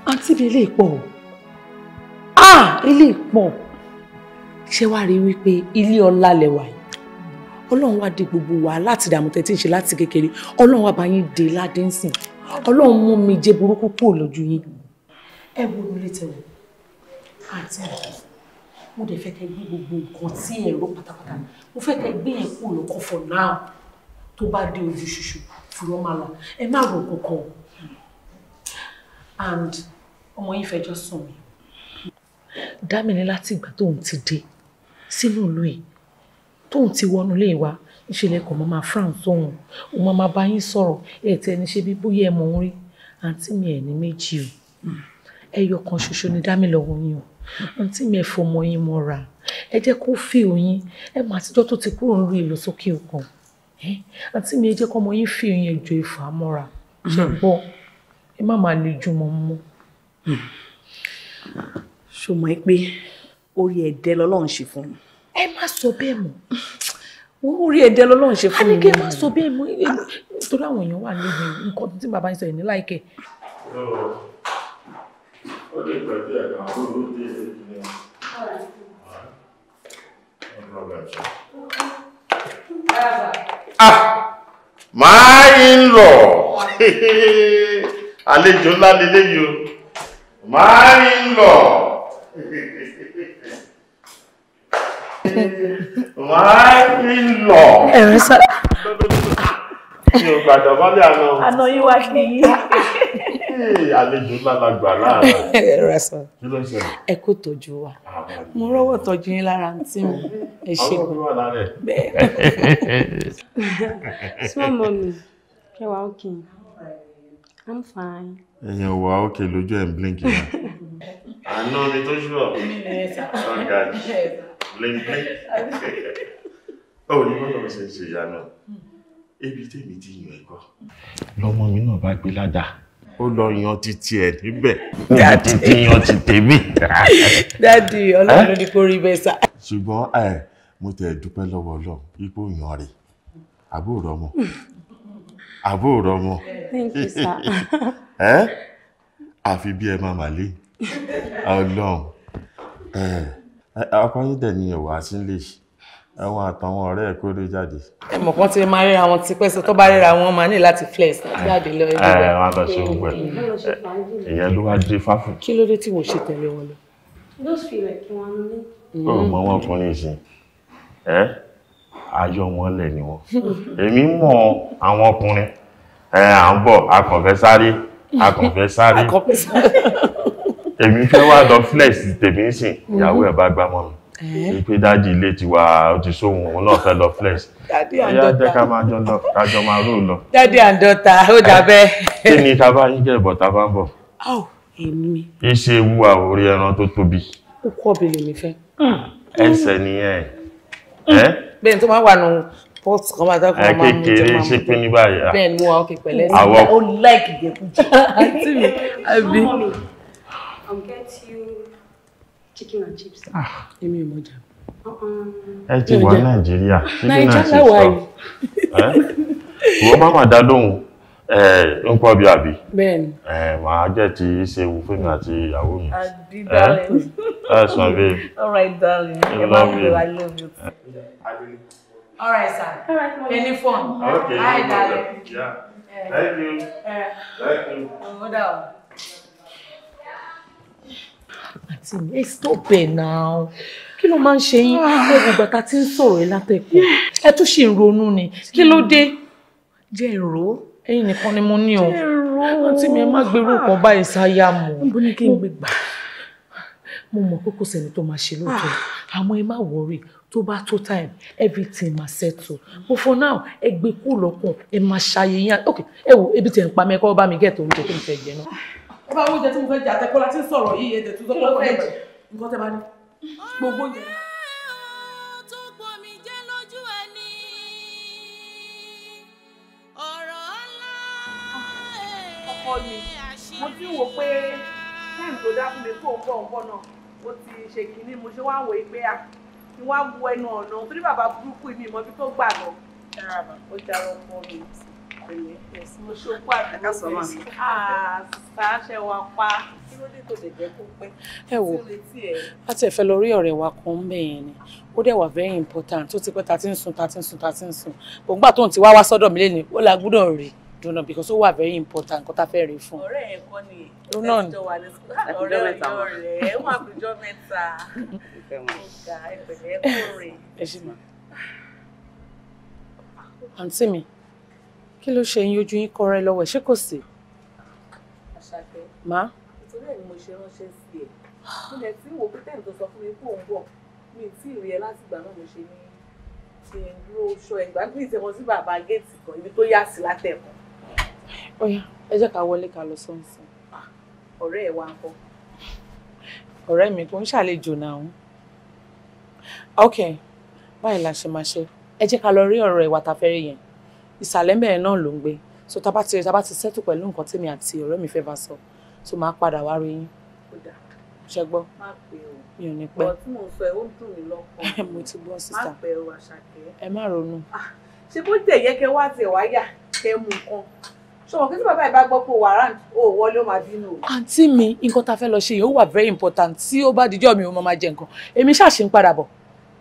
àǹtí mi ilé ìpọ̀ ah ilé ìpọ̀ ṣé wàá rí wípé ilé ọlá lẹwà yìí ọlọ́run wá di gbogbo wa láti dààmú tẹ́tí ń ṣe láti kékeré ọlọ́run wá bá yín dé ládé ń sìn ọlọ́run mú mi jẹ burúkú kúrò lójú yín. ẹ wo ló lè tẹ̀wọ̀ àti àgbà mo dẹ̀ fẹ́ kẹ́ gbé gbogbo nǹkan tí ẹ pátápátá mo fẹ́ kẹ́ gbé yẹn kúrò lọ́kàn for now tó bá dé ojú ṣùṣù fúrọ́ máa la ẹ má rò kankan and ọmọ yìí fẹjọ́ sùn mi. dá mi ní láti ìgbà tóun ti dé sínú ìlú yìí tóun ti wọnú ilé wa ìṣẹ̀lẹ̀ kan mo máa frown sóhun òun máa bá yín sọ̀rọ̀ ẹ̀ tẹ́ ẹni ṣe bí bóyá ẹ mọ̀ ń rí àǹtí mi ẹ̀ ní méjì o ẹyọ kan ṣoṣo ni dá mi lọ́wọ́ yín o àǹtí mi ẹ̀ fọmọ yín mọ́ra ẹ jẹ́ kó fi òyìn ẹ mọ àtijọ́ tó ti kúrò ń rí ìlọsókè òkun àǹtí mi ẹ jẹ́ kọ́mọ yín fi òyìn ẹjọ́ ìfà mọ́ra ṣe gbọ́ ẹ má máa le jùmọ̀ mọ́. ṣùgbọ́n pé orí ẹ̀dẹ́ lọ́lọ́run ṣe fún mi ẹ má sọ bẹ́ẹ̀ mọ́ orí ẹ̀dẹ́ lọ́lọ́run ṣe fún mi. a ní kí ẹ má sọ bẹ́ẹ̀ mọ́ ah, torí àwọn èèyàn wà níbi nǹkan tí bàbá ń sọ ẹ̀ ní láìkẹ́. ó lè pẹ̀lú ẹ̀ka àwọn olóde ìpínlẹ̀ ah máa ń lọ àlejò ńlá lélẹ́yìí o máa ń lọ máa ń lọ. ẹ̀rọ sá. mi ò gbàdọ̀ bá lè àná. àná yín wá kí yín. àlejò ńlá la gbà láàárọ̀. ẹ̀rọ sá. ẹ kó tọ́jú wa mo rọ́wọ́ tọ́jú yín lára tí mo ẹ ṣe. àwọn ọmọ wa lára ẹ. small mommy ẹ wà ókè i'm fine. ẹ̀yẹ̀ wà ókè lójú ẹ̀ ń blink yẹn. àná mi tó ṣùgbọ́n. ọ̀gá jù plain plain. báwo ni bọ́lá ṣe ń ṣe ìyanu ebi tèmi ti yàn ẹ̀kọ́. lọmọ mi náà bá gbé ládàá ó lọ yan títí ẹ níbẹ̀ dádì ti yan ti tèmi. dádì ọlọ́run ni kò rí bẹ́ẹ̀ sá. ṣùgbọ́n ẹ mo tẹ̀ dúpẹ́ lọ́wọ́ ọlọ́run ipò yan rè Abu Romo. àbúrò ọmọ. thank you sir. Eh? àfi bí ẹ máa mà lé ọlọ́run ọkọ yín dẹ̀ ni ìwà sí lè ẹwọn àtàwọn ọ̀rẹ́ ẹ̀ kórè jáde. ẹ mọ̀ kán ti máa ríra wọn tipẹ́ sọ tó bá ríra wọn máa ní láti flex eh, jáde lọ ẹgbẹ́ rẹ̀. ẹ wọn àtọ̀ ṣe gbogbo ẹ eh, ìyẹn ló wá dé fáfù. kí ló dé tí mo ṣe tẹ̀lé wọn lọ. those few rẹ̀ kí wọ́n ní. ó mọ wọn kún ní ìsìn ẹ ayọ̀ wọn lẹ̀ ni wọn èmi mọ̀ àwọn ọkùnrin ẹ eh, à ń bọ̀ akọ̀fẹ́ sáré akọ̀fẹ́ sáré akọ̀fẹ́ sáré èmi fẹ́ wá lọ flex tèmi sìn mhm. ìyàwó ẹ̀ bá gbá mọ́ mi pé dáàdi ilé ti wà ó ti sóhun òun náà fẹ́ lọ flex ẹ̀yà jẹ́ ká máa jọ lọ ká jọ máa ró lọ. dáàdi àǹdọ́ta ó dàbẹ́. kí ni ta bá yín jẹ́ bọ̀ ta bá ń bọ̀. áò èmi. iṣẹ́ wúwa orí ẹran tó tóbi. ó kọ́ ọbẹ̀ mi fẹ́. Hmm. ẹsẹ̀ nìyẹn. Hmm. bẹ́ẹ̀ tó máa wà nù port kan máa dákun máa mú jẹ máa mú jẹ pé ní báyìí. bẹ́ẹ̀ ni wọn ò kí pẹ̀lẹ́ ní. àwọn ó láìkì jẹ kú jẹ. àǹtí mi àbí. I'll get you chicken and chips. Ah, èmi ò mọ̀jà. Uh-uh. Ẹ ti wà Nàìjíríà. Nàìjíríà lẹ́wà yìí. Ìwọ máa mà dá lóhùn ń pọ̀ bí àbí. Bẹ́ẹ̀ni. Màá jẹ́ ti ṣewu fèmí àti ìyàwó mi. Àbí darling. Ẹ sàn bẹ́ẹ̀. All right darling. I love you. I love you. All right sir. All right. Any phone. Okay. Hi darling. Yeah. Thank you. Thank you. Ọ̀dà o àti mi ẹ stop ẹ náà kí ló máa ń ṣe yín ẹ ah. gbogbo ta ti ń sọ̀rọ̀ ẹ látẹ̀kọ́ ẹ tún ṣì ń ronú ni kí ló dé jẹ́ èrò ẹ̀yin nìkan ni mo ní o àti mi ẹ má gbèrú kan báyìí sáyà mọ́. níbo ni kí n gbé gbà mo mọ̀ pé kò sẹ́ni tó máa ṣe lóòótọ́ ah. àmọ́ ẹ má wọrí tó bá tó time everything máa settle but for now ẹ gbé kúrò lọ́kàn ẹ máa ṣayẹyẹ ok ẹ wo ebi tẹ̀ ń pa mí ẹ bá mi gẹ̀ tó ń jẹ tó ń fẹ́ jẹ náà ẹ bá oúnjẹ tí mo fẹ́ jẹ àtẹkọ́lá tí ń sọ̀rọ̀ yìí ẹ̀jẹ̀ tó sọ́kọ́ ọ̀pọ̀ ẹ̀jẹ̀ nǹkan tẹ́ bá ní gbogbo oúnjẹ. ọkọ mi mo ti wò pé táìmù tó dá fún mi kó ń bọ̀ ń bọ̀ náà ó ti ṣe kínní mo ṣe wá wò ó pé à ni wọ́n á wo ẹnu ọ̀nà torí bàbá burúkú mi mọ̀ ibi tó gbà lọ. ó jẹ́ ọmọ mi mo ṣokú àbúrò mi àṣàṣẹ wa pa kí ló dé tó lè ẹ wo a ti fẹ́ lọ rí ọ̀rẹ́ wa kan mẹ́yìn ni ó dẹ̀ wà very important tó ti pẹ́ ta ti ń sùn ta ti ń sùn ta ti ń sùn gbogbo àtọ́hún ti wá wá sọ́dọ̀ mi lẹ́nu ó la gbúdọ̀ rè dùnà because ó wà very important nǹkan tá a fẹ́ rè fún. ọ̀rẹ́ ẹ̀ kọ́ ni ah, ọ̀rẹ́ ìjọ wà ní sùkúl ọ̀rẹ́ ìjọ rẹ̀ ẹ̀ wọ́n àpéjọ mẹ́ta ọ̀gá ẹ̀pẹ̀lẹ̀ ẹ̀kọ́ rè. àǹtí mi kí ló ṣe yín ojú yín kọrẹ lọ́wọ́ ẹ̀ ṣé kò sí. àṣàkẹ́ má. ìtọ́jú ẹ̀ ni mo ṣe ránṣẹ́ sí ẹ̀ nílẹ̀ tí wò pé tẹ́ǹtì tó sọ fún mi kó ń bọ̀ mi ì tí ì rí ẹ láti ìgbà náà mo ṣe ní ṣe ń dúró ṣọ ẹ̀gbá bí ìtẹ̀wọ́ sí bàbá géètì kan ibi tó yá sí látẹ̀kùn. ó yá ẹ jẹ́ ká wọlé ká lọ sọ́nsìn. ọ̀rẹ́ ẹ̀ wá ń kọ́. ọ̀rẹ́ mi kò ń ṣàlejò náà ok báyìí la ṣe máa ṣe ẹ jẹ́ ká lọ rí ọ̀rọ̀ ìwà tàfẹ́rẹ́ yẹn ìsàlẹ̀ mẹ́rin náà ló ń gbé so tá a bá ti rí tá a bá ti sẹ́tù pẹ̀lú nǹkan tèmi àti ọ̀rẹ́ mi fẹ́ bá sọ so máa padà wá rí yín ṣe gbọ́ mi ò ní pẹ́ mo ti gbọ́ sísà ẹ má ronú. Ah, ṣé bó tẹ̀ yẹ kẹ wá tẹ̀ wá yà kẹ mú nǹkan ṣọmọ kí tí bàbá ẹ bá gbọ́ pé wàrà ò wọlé ó máa bínú àǹtí mi nǹkan tá a fẹ́ lọ ṣe yìí ó wà very important tí ó bá dijọ́ mi ò mọ máa jẹ nǹkan èmi ṣáà ṣe ń padà bọ̀.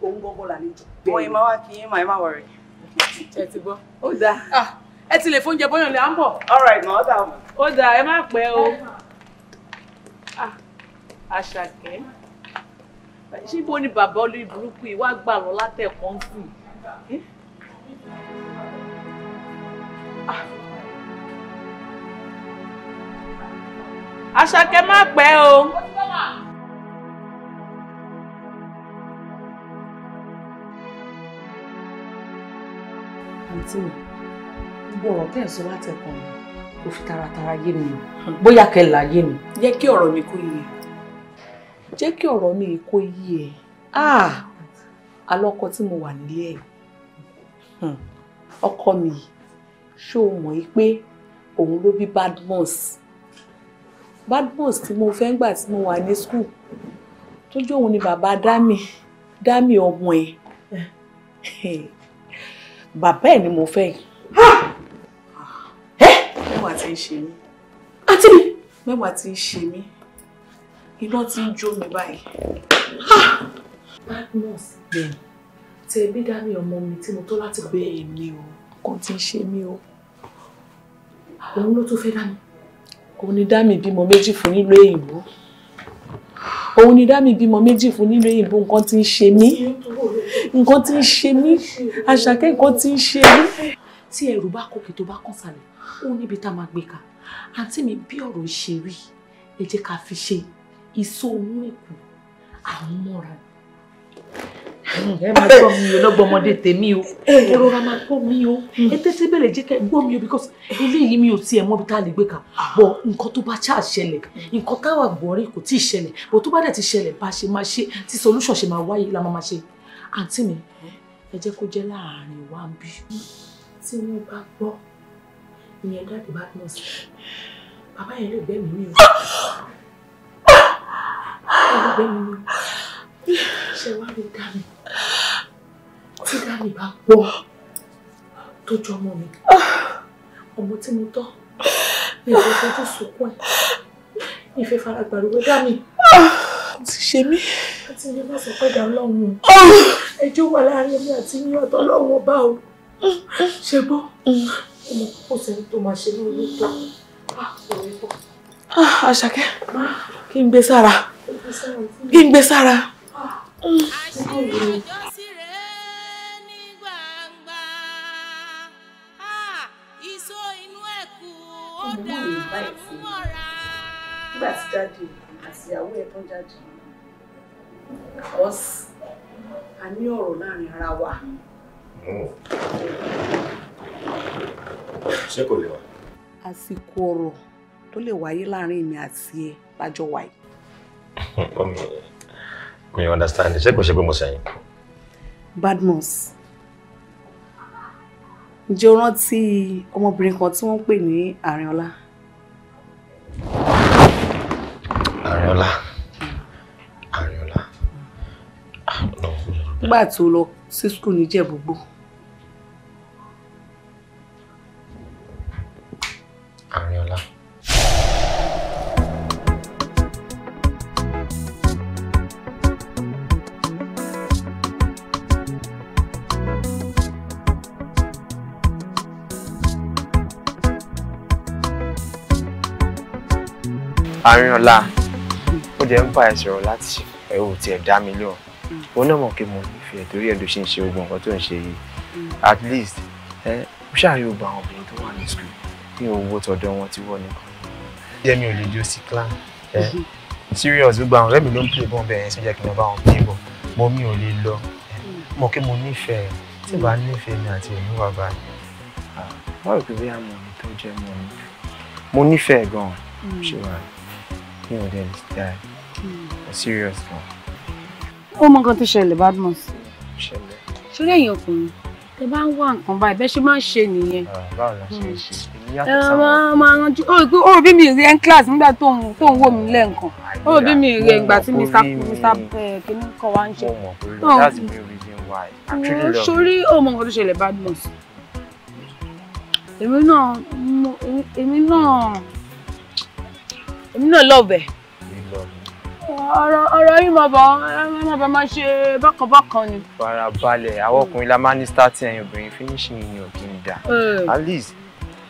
òun gbọ́ngàn làlejò. bọ́ọ̀ máa wá kí yín máa ẹ má wọ̀rẹ̀ ẹ ti gbọ́ ó dáa ah, ẹ ti lè fóúnjẹ bọ́yàn lè à ń bọ̀. all right ma ó dà mọ́. ó dáa ẹ má pẹ́ o ah, àṣàkẹ́ síbo ni bàbá olórí burúkú yìí wá gbà lọ látẹ̀kọ́ ń sìn. Ah. àṣàkẹ́ má pẹ́ o. ó ti bọ́ àǹtí mi gbogbo ọ̀rọ̀ tẹ́ ẹ̀ sọ látẹ̀kọ̀ mi kò fi o bóyá kẹlà yé mi. Hmm. E. jẹ́ kí ọ̀rọ̀ mi kó yé ẹ e. jẹ́ kí ọ̀rọ̀ mi kó yé ẹ alọ́kọ ah! tí mo wà nílé ẹ̀ hmm. ọkọ mi ṣó o mọ̀ pé òun ló bí Badmus Badmus tí mo fẹ́ gbà tí mo wà ní skul tó jẹ́ òun ni bàbá dami dami ọmọ ẹ̀ bàbá ẹ̀ ni mo fẹ́ yìí. mẹ́wàá ti ń ṣe mí. àti mi. mẹ́wàá ti ń ṣe mí iná ti ń jó mi báyìí. Magnus bẹ́ẹ̀ tẹ bí dání ọmọ mi tí mo tó láti bẹ́ẹ̀ ni o kò ti ń ṣe mí o. òun ló tún fẹ́ dání. kò ní dá mi bímọ méjì fún nílùú èyìnbó òun ni dámi bímọ méjì fún nílò òyìnbó nǹkan tí ń ṣe mí nǹkan tí ń ṣe mí àṣàkẹ́ nǹkan tí ń ṣe mí. tí ẹrù bá kókè tó bá kàn sálẹ̀ ó níbi tá a máa gbé ka àǹtí mi bí ọ̀rọ̀ ṣe rí ẹ jẹ́ ká fi ṣe ìsọ òun èkó àwọn ni ẹ máa gbọ́ mi o lọ́gbọ́mọdé hmm. tèmi o olóra máa gbọ́ mi o ètè tí bẹ̀rẹ̀ jẹ́ kẹ́ gbọ́ mi o because eléyìí mi ò tiẹ̀ mọ́ tá a lè gbé ka ah. bọ̀ nǹkan tó bá ṣáà ṣẹlẹ̀ hmm. nǹkan táwa gbọ́ kò tí ì ṣẹlẹ̀ bọ̀ tó bá dẹ̀ ti ṣẹlẹ̀ bá ṣe máa ṣe tí solution ṣe máa wáyé la máa ṣe àǹtí mi ẹ jẹ́ kó jẹ́ láàárín wa ń bí. tí wọ́n bá gbọ́ ìyẹn dáàbò bá nọ̀ bàbá yẹn lè gbẹ́mìí mi o ah! ṣe wá rí dání tí dání bá pọ̀ tó jọ ọmọ mi ọmọ tí mo tọ́ mi ò fẹ́ fojú sunkún ẹ̀ mi fẹ́ fara gbàrúwé dání. mo ti ṣe mí. àti ilé má sọ pé ìdá ọlọ́run o ah! ẹjọ́ wà láàárín mi àti yín ọ̀tọ̀ ọlọ́run ọba o ṣe gbọ́ ọmọ kókó sẹ́ni tó máa ṣe ní olóòtú ah, àṣàkẹ́ kí n gbé sára kí n gbé sára àṣírí àjọsí rẹ̀ ní gbangba ìṣó inú ẹ̀kú ó dá àmúmọ́ra. nígbà tí jáde àti ìyàwó ẹ̀ tán jáde because a ní ọ̀rọ̀ láàrin ara wa. ṣé kò lè wá. àsìkò ọ̀rọ̀ tó lè wáyé láàrin èmi àti ẹ lájọ wáyé. Can you understand ṣé kò ṣe pé mo sẹ́yìn. Badmus ǹjẹ́ o rántí ọmọbìnrin kan tí wọ́n ń pè ní Àrínọlá. Àrínọlá Àrínọlá. nígbà tó lọ sí skul ní ìjẹ̀bú Arínọlá ó dẹ̀ ń bá ẹ sọ̀rọ̀ láti ẹ ò tiẹ̀ dá mi lọ òun náà mọ̀ pé mo nífẹ̀ẹ́ torí ẹ̀ ló ṣe ń ṣe ogun nǹkan tó ń ṣe yìí at least ẹ ó ṣàárẹ̀ ogun àwọn obìnrin tó wà ní school ní owó tọ̀dọ̀ wọn tí wọ́n nìkan. jẹ́ mi ò lè jó sí clan ẹ serious gbogbo àwọn ọ̀rẹ́ mi ló ń pè bọ́n bẹ́ẹ̀ yẹn sọ jẹ́ kí n bá wọn pè bọ̀ mo mi ò lè lọ mọ̀ pé mo nífẹ̀ẹ́ tí bá nífẹ̀ẹ́ mi àti èmi wà báyìí. Ah, wọ́n rò pé bí àmọ́ mi tó jẹ́ mọ́ mi mo nífẹ̀ẹ́ gan-an ṣé wàá rí mi ò dẹ̀ die A serious now. Oh, mọ nǹkan tó bad Badmus. ṣẹlẹ̀. ṣúlẹ̀ èèyàn ọkùnrin tẹ bá ń wá nǹkan báyìí bẹ́ẹ̀ ṣe máa ń ṣe nìyẹn. báwo la ṣe ń ṣe èmi yàtọ̀ sáwọn. ẹ máa ranjú ó rò class nígbà tó ń tó ń wò mí lẹ́ǹkan ó rò bí mi rí ẹ̀ ìgbà tí mr mr kìíní kọ́ that's the real reason why I oh, truly love you. sórí ó mọ nǹkan tó ṣẹlẹ̀ no. èmi náà èmi náà lọ́ọ̀bẹ̀. ọ̀rọ̀ ọ̀rọ̀ yìí máa bọ̀ máa bọ̀ máa ṣe bákanbákan ni. farabalẹ̀ àwọn ọkùnrin la máa ní starting ẹ̀yìn obìnrin finishing yìí ò kì í dà at least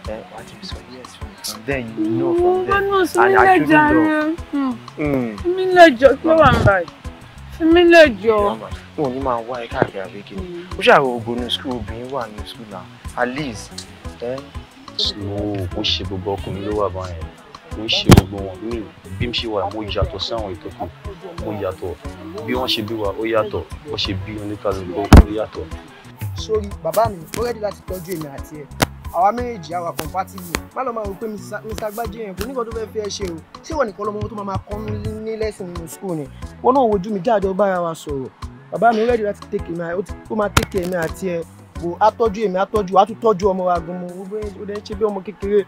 ẹ wá ti sọ yes from there you know from there and I shouldn't know. Hmm. Hmm. mi lè jọ kí ló wà ń báyìí mi lè jọ. wọn ò ní máa wá ẹ káàkiri àbíkí ni ó ṣàrò ògbónú school obìnrin wà ní school náà at least. ẹ ṣe owó kó ṣe gbogbo ọkùnrin ló wà báyìí ń ṣe gbogbo wọn mí bí n ṣe wà mo yàtọ̀ sí àwọn ìtòkù mo yàtọ̀ bí wọ́n ṣe bí wa ó yàtọ̀ wọ́n ṣe bí oníkàlùkù ó yàtọ̀. sórí bàbá mi ó rẹ́dí láti tọ́jú èmi àti ẹ̀ àwa méjèèjì àwa compatible má lọ́ọ́ máa rò pé mr agbájé yẹn kò ní nǹkan tó fẹ́ fi ẹ ṣe o ṣé ìwọ nìkan lọmọ tó máa kọ́ ní lẹ́sìn nínú school ni wọn náà wojú mi jáde bára wa sọ̀rọ̀ bàbá mi ó rẹ́dí láti tẹ̀kẹ̀ mi ó máa tẹ̀kẹ̀ mi àti ẹ wò á tọ́jú èmi á tọ́jú wa á tún tọ́jú ọmọ wa gan mo ó dẹ́ ṣe bí ọmọ kékeré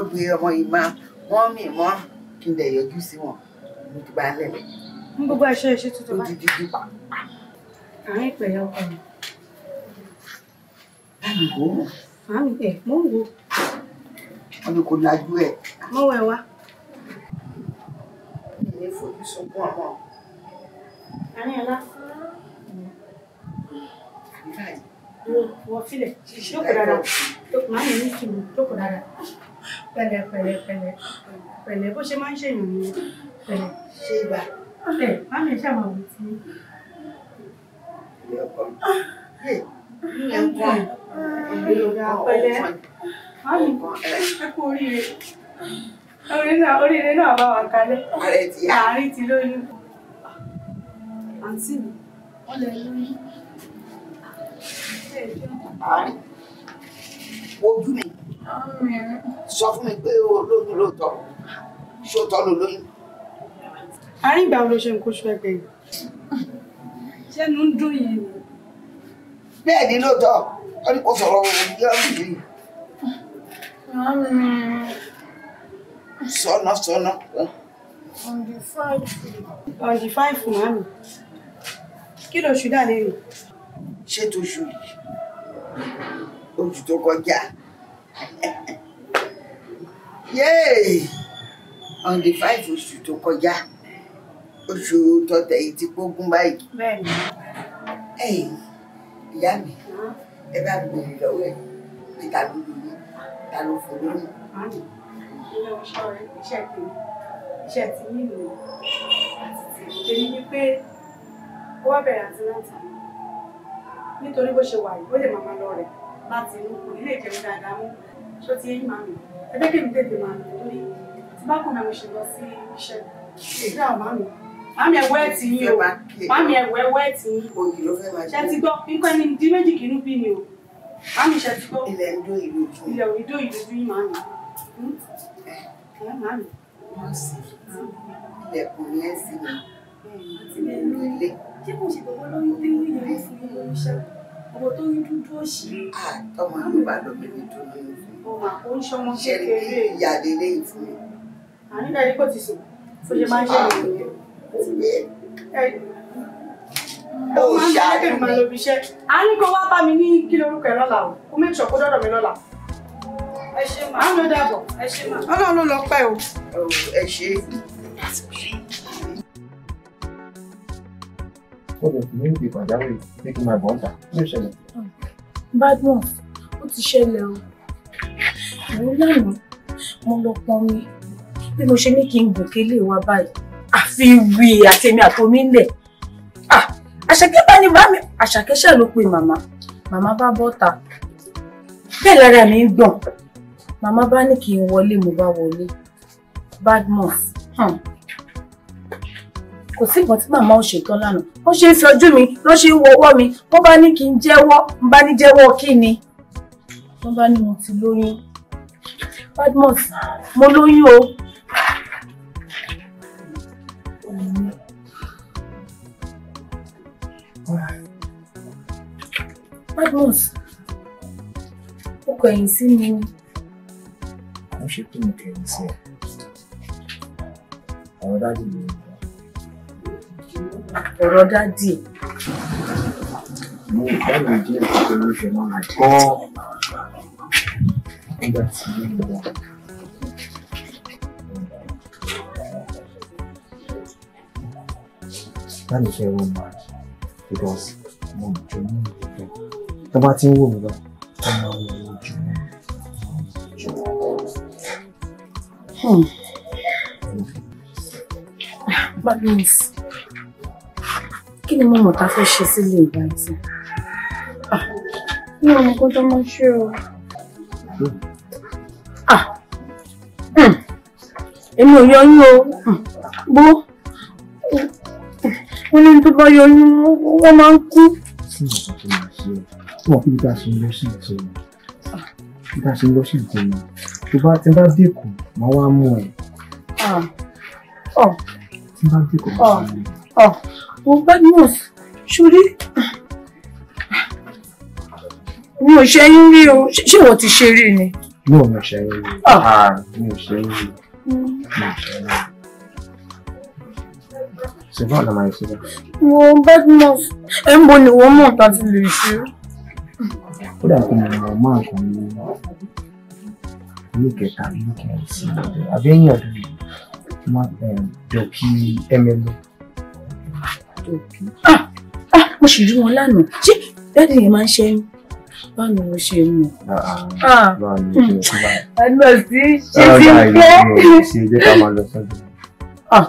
wọ́n gbé ọmọ yìí máa wọ́n mì mọ́ kí n lè yọjú sí wọn mo ti bá lẹ̀lẹ̀. ń gbogbo àṣẹ ìṣe tuntun bá. ó di dídú. àárín ìpẹ̀lẹ̀ ọkọ mi. báyìí wò ó. màámi ẹ mò ń wo. wọn ni kò lajú ẹ. mo wẹ̀ wá. ilé fojú sunkún ọmọ. àárín ẹ̀ lásán wọ́n filẹ̀ jókòó dáadáa máa mi ní kìlú jókòó dáadáa pẹ̀lẹ́ pẹ̀lẹ́ pẹ̀lẹ́ pẹ̀lẹ́ bó ṣe máa ń ṣèyàn ní pẹ̀lẹ́ ṣe ìgbà. ọkẹ mami ṣe àwọn òbí tí. pẹ̀lẹ́ mami oh, oh ẹ kú oríire oríire náà bá wa kalẹ̀ àárín ti lóyún. àǹtí mi wọ́n lè lóyún. ojú mi sọ fún mi pé o lóyún lóòótọ́ ṣóòótọ́ ló lóyún. àárín ìgbà wo ló ṣe ń kó ṣú ẹgbẹ́ yìí. ṣẹ́nu ń dùn yìí ni. bẹ́ẹ̀ ni lóòótọ́ wọ́n ní kò sọ̀rọ̀ òun yẹ́ òun yìí. sọ́nà sọ́nà. on the five. on the five mami kí lóṣù dà lérò. ṣé tó ṣù yìí oṣù tó kọjá yéè on the five oṣù tó kọjá oṣù tọ̀tẹ̀ yìí ti pógún báyìí. ẹ̀yin ìyá mi ẹ bá gbèrè lọ́wọ́ ẹ̀ níta lóru mi ta ló fò lórí. ilé iṣẹ́ rẹ̀ iṣẹ́ tèmi iṣẹ́ ti ní ìlú tèmi ni pé ó wá bẹ̀rẹ̀ àti láti nítorí bó ṣe wà yìí ó lè máa máa lọ rẹ̀ láti inú kò ní lè jẹun dáadáa mú ṣó ti yín màmí ẹ jẹ́ kí n tètè máa lọ lórí tí bá kàn mẹ́wọ̀n ṣe lọ sí iṣẹ́ ìgbà màmí màmí ẹ̀wọ́ ẹ̀ tì yín o màmí ẹ̀wọ́ ẹ̀wọ́ ẹ̀ tì yín ṣe ti gbọ́ nǹkan ẹni di méjì kì bí ni o màmí ṣe ti gbọ́ ilẹ̀ ìdó ìlú ilẹ̀ ìdó ìlú yín màmí màmí. ilẹ̀kùn yẹn sì ṣé kò ṣe gbogbo lóyún tí wọ́n yẹn fún yín lóyún ṣá ọmọ tó ń dúdú òṣì. àtọmọ ah, yóò bá lọ bẹ̀rẹ̀ tó ọmọ àkóńṣe ọmọ kékeré ìyàdé lẹ́yìn fún mi. àníbẹ̀ ni kò ti sùn tó ṣe máa ń ṣe nìyẹn. Ah, ó ṣáájú mi. a ní kó wá bá mi ní kí lorúkọ ẹ lọ́la o kó mẹ́tọ̀ kó dọ́dọ̀ mi lọ́la. ẹ ṣe máa ń lọ dàbọ̀. ẹ ṣe máa. ọlọ́run ló lọ pẹ́ o. Oh, ẹ ṣe é. ó lè fi mímú ìpàjáwìrì pé kí n máa bọ̀ ọ́ ta ló ṣẹlẹ̀. badmus ó ti ṣẹlẹ̀ o àwọn lánàá mo lọ pọn mi bí mo ṣe ní kí n gòkè lè wá báyìí àfi wí àtẹmí àtomi ńlẹ̀ àṣàkẹ́ bá ní bá mi àṣàkẹ́ ṣáà ló pe màmá màmá bá bọ́ta bẹ́ẹ̀ lára mi ń gbọ̀n màmá bá ní kí n wọlé mo bá wọlé badmus hmm. kò sí nǹkan tí màmá ò ṣetán lánàá wọ́n ṣe ń fi ojú mi ló ṣe ń wo ọwọ́ mi wọ́n bá ní kí n jẹ́wọ́ n bá ní jẹ́wọ́ kí ni wọ́n bá ní mo ti lóyún. Badmus mo lóyún o. Badmus o kẹ̀yìn sí mi. àwọn ṣe pé mo kẹ̀yìn sí ẹ ọ̀rọ̀ dádì mi. ọ̀rọ̀ dádì. mo ò bá mi jẹ́ ìṣòro ìṣẹ̀lẹ̀ àjẹ́ láti fẹ́ wọ́n máa because mo jọ ní ìfẹ́ tó bá ti ń wò mí lọ wọ́n máa ń wọ èmi ò yọyún o bó wọn ní tó bá yọyún wọn máa ń kú. wọn kí bíta ṣe ń lọ sí ìtẹ mi bíta ṣe ń lọ sí ìtẹ mi tó bá ti bá dẹkù máa wá mú ẹ. tí bá dẹkù máa wá mú ẹ. mo bá news ṣorí mi rí o ṣé ìwọ ti ṣe rí ni. mi ò ṣẹ́yún rí mi ò ṣẹ́yún rí ṣùgbọ́n ọ̀nà máa ń ṣe bẹ́ẹ̀. wo bedmus ẹ̀ ń bo ni wọ́n mọ̀ tá ti lè ṣe. ó dà kí mo máa kàn ní ilé kẹta ilé kẹrin sí abẹ́yìn ọ̀dọ́ mi má dọ̀kí ẹ̀mẹ́lò. Ah, ah, mo sì rí wọn lánàá ṣé bẹ́ẹ̀ ni èèyàn máa ń ṣẹ́yìn báwo mo ṣe mọ. àlọ sí ṣe hmm. ti fẹ́.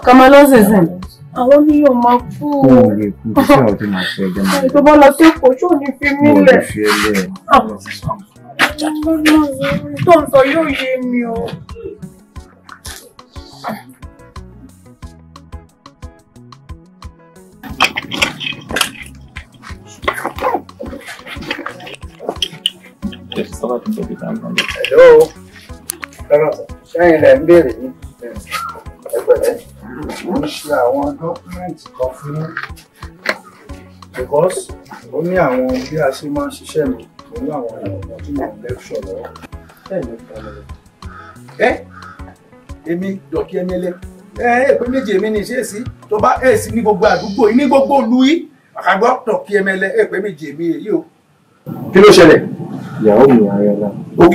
ká máa lọ sísìn ah, àwọn ní yóò máa kú. kó o lè kú kí sọ̀rọ̀ tó máa lọ. sí èkó tí ò fi mí lẹ̀. Ah. tó ń sọ yóò yé mi o. tẹsítọ́ bá ti tóbi dáa náà. ẹ̀lọ́ ẹ̀rọ sẹ́yìn rẹ̀ ń béèrè ní ẹgbẹ̀rẹ́ mo because ó ní àwọn bí a ṣe máa ń ṣiṣẹ́ mi pẹ̀lú àwọn ìrànwọ́ tí mo ń lẹ́kṣọ̀ lọ́wọ́ ẹ̀mí kan lọ. ẹ èmi dọ̀kí ẹni ẹlẹ́ ẹ ẹ pé méje mi ní ṣe é sí tó bá ẹ̀ sí ní gbogbo àdúgbò yìí ní gbogbo ìlú yìí àkàgbọ́ dọ̀kí ẹmẹlẹ ẹ pé méje èyí o. kí ló ṣẹlẹ̀ ìyàwó mi Àrẹ̀lá. ok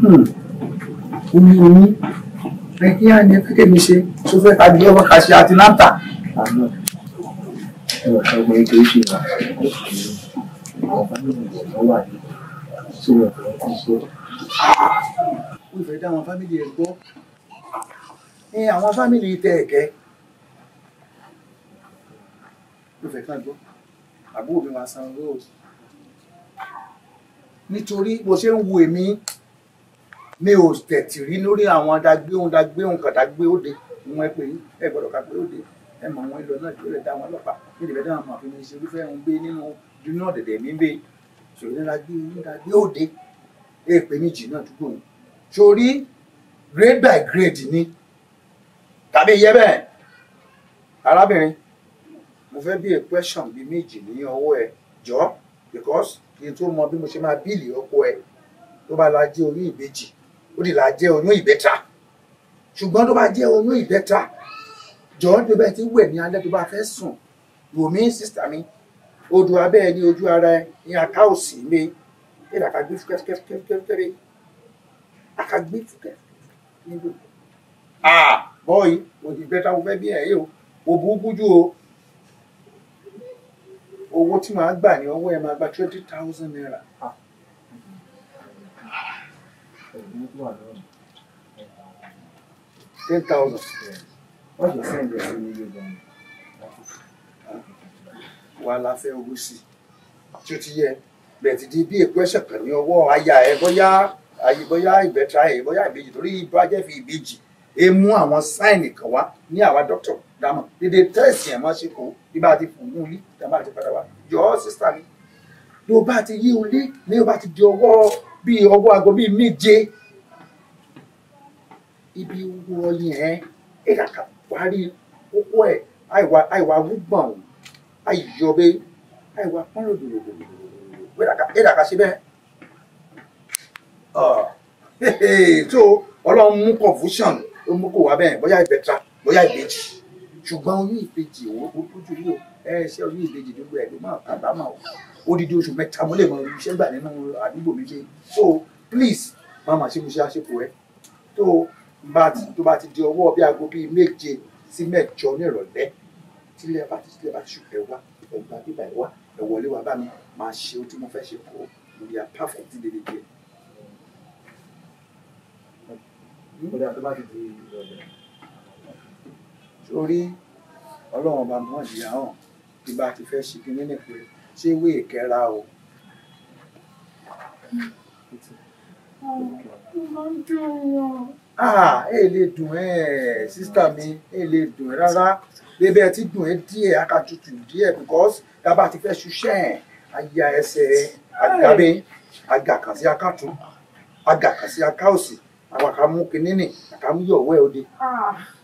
hmm. omi omi ẹ kí á ní kékeré mi ṣe tó fẹ́ ká jẹ́ wọ́n ká ṣe Atlanta. àná ẹ̀rọ ọgbọ́n ètò ìṣèlú àwọn fámìlì ìjọba wà ní sílẹ̀ fún ọkọ̀ ó fẹ́ dá àwọn fámìlì ẹ̀ gbọ́ àwọn fámìlì tẹ̀ ẹ̀kẹ́ ó fẹ́ ká gbọ́ àbúrò mi máa sanwó o nítorí bó ṣe ń wo èmi mi ò tẹ̀tì rí lórí àwọn adágbéhùn dágbéhùn kàdágbé òde ni wọ́n pè é gbọ́dọ̀ ká pé òde ẹ mọ̀ àwọn ìlọ náà ìjọba ẹ̀dá àwọn ọlọ́pàá ní ìdìbẹ́ dáhùn àfi ní ṣe irúfẹ́ ń gbé nínú dúnú ọ̀dẹ̀dẹ̀ mi ń gbé ṣòro nígbà gbé nígbà gbé òde èèpẹ̀ méjì náà dúgbò wọn sórí grade by grade ni tàbí yẹ bẹ́ẹ̀ arábìnrin mo fẹ́ bí a question bíi méjì ní ọwọ́ ẹ jọ because kí n tó mọ bí mo ṣe máa bíìlì ọkọ ẹ tó bá la jẹ́ oyún ìbejì ó dì la jẹ́ oyún ìbẹ́ta ṣùgbọ́n tó bá jẹ́ oyún ìbẹ́ta jọ tó bẹ́ẹ̀ ti wẹ̀ ní alẹ́ tó bá fẹ́ sùn wòmí sísà mi odò abẹ́ ẹ ní ojú ara ẹ ní aká òsì mi ìlà ká gbé fúkẹ́fúkẹ́fúkẹ́fúkẹ́rẹ́ aká gbé fúkẹ́fúkẹ́fúkẹ́rẹ́ ah boy mo ti gbẹ́ta mo fẹ́ bí ẹ̀ yìí o mo bú bújú o owó tí màá gbà ní ọwọ́ ẹ máa gba twenty thousand naira. Ah. ten thousand. wọ́n ṣe sẹ́ǹdì ẹ̀sìn ní yorùbá ni. wàá la fẹ́ owó sí tí ó ti yẹ bẹ́ẹ̀ ti di bí èkó ẹ̀ṣẹ̀ kan ní ọwọ́ aya ẹ̀ bóyá ayé bóyá ìbẹ̀ta ẹ̀ bóyá ìbejì torí ìbájẹ́ fi ìbejì ẹ mú àwọn sáìnì kan wá ní àwa dókítà dámọ dédé tẹsí ẹ mọ ṣe kó bí bá ti fún un lé tá bá ti padà wá yọ ọ sísá mi ló bá ti yí olé ní ó bá ti di ọwọ́ bíi ọwọ́ aago bíi méje ibi wo ọyìn ẹ ẹ kàkà parí kókó ẹ àìwá àìwá wúgbọn o àìyọbẹ àìwá pọnlódòdòdò ẹ dàka ṣe bẹ́ẹ̀ tó ọlọ́run mú confusion ó mú kó wá bẹ́ẹ̀ bóyá ìbẹ̀ta bóyá ìbejì ṣùgbọ́n oyún ìbejì òwò burúkú jù ní ẹ ṣe oyún ìbejì gbogbo ẹ̀ ló máa kábàámọ̀ odidi oṣù mẹ́ta mo lè mọ iṣẹ́ gbà nínú àdúgbò mi ṣe so please má máa ṣe mo ṣe àṣepò ẹ tó bá ti tó bá ti di ọwọ́ bí aago bíi méje sí mẹ́jọ ní ìrọ̀lẹ́ tílẹ̀ bá ti tílẹ̀ bá ti ṣùgbẹ́ wá ẹgbà bíbá ẹ wá ẹ wọlé wá bá mi máa ṣe ohun tí mo fẹ́ ṣe kó lórí apáfẹ́ tí dédé díẹ̀. nígbà tó bá ti di ìrọ̀lẹ́ torí ọlọ́run ọba mọ̀ọ́dì àhàn bí bá ti fẹ́ ṣe kínní nìpẹ́ ṣé ìwé ìkẹ́ra o. ah ẹ lè dùn ẹ sísítà mi ẹ lè dùn ẹ rárá bébí ẹ ti dùn ẹ díẹ̀ akatutù díẹ̀ because dábàá ti fẹ́ ṣuṣẹ́ ẹ̀ aya ẹsẹ̀ àgbàbẹ́ agàkàsí akátún agàkàsí akáòsì àwọn àkàmú kìnínní àkàmú yọ̀wẹ́ òde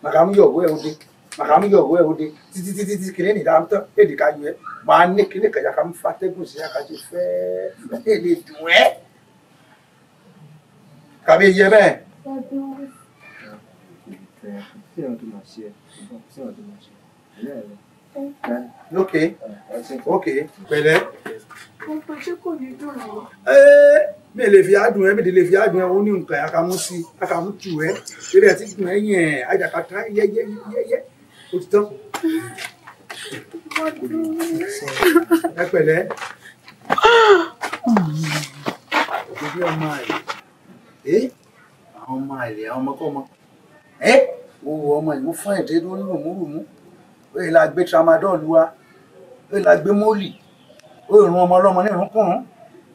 àkàmú ah. yọ̀wẹ́ òde màkà mú yọ òwe òde títí títí títí kìnìún ní ìdáhùn tán èdè ká yọ ẹ màá ní kìnìún kẹjà ká mú fatẹ́gùn sí àkàjọ fẹ́ẹ́ èdè dùn ẹ́ kàbí yẹ bẹ́ẹ̀. ok ok pẹ̀lẹ́. ọkọ tí kò ní dùn ọ. ee mi lè fi adùn ẹ e, mi lè fi adùn ẹ e, ó ní nǹkan àkàmú sí àkàmú tù ẹ eré ẹ ti dùn ẹ e yẹn àjàkátà yẹyẹyẹyẹ ó ti tán. ẹ pẹ̀lẹ́ ọmọ àlè ẹ àwọn ọmọ àlè àwọn ọmọkọ́mọ ẹ wo ọmọ ìwọ fún ẹ̀dẹ́ lórí rùmúrùmú ó yẹ la gbé tramadol wa ó la gbé mólì ó rún ọmọ ọlọ́mọ ní ìrúnkùnrún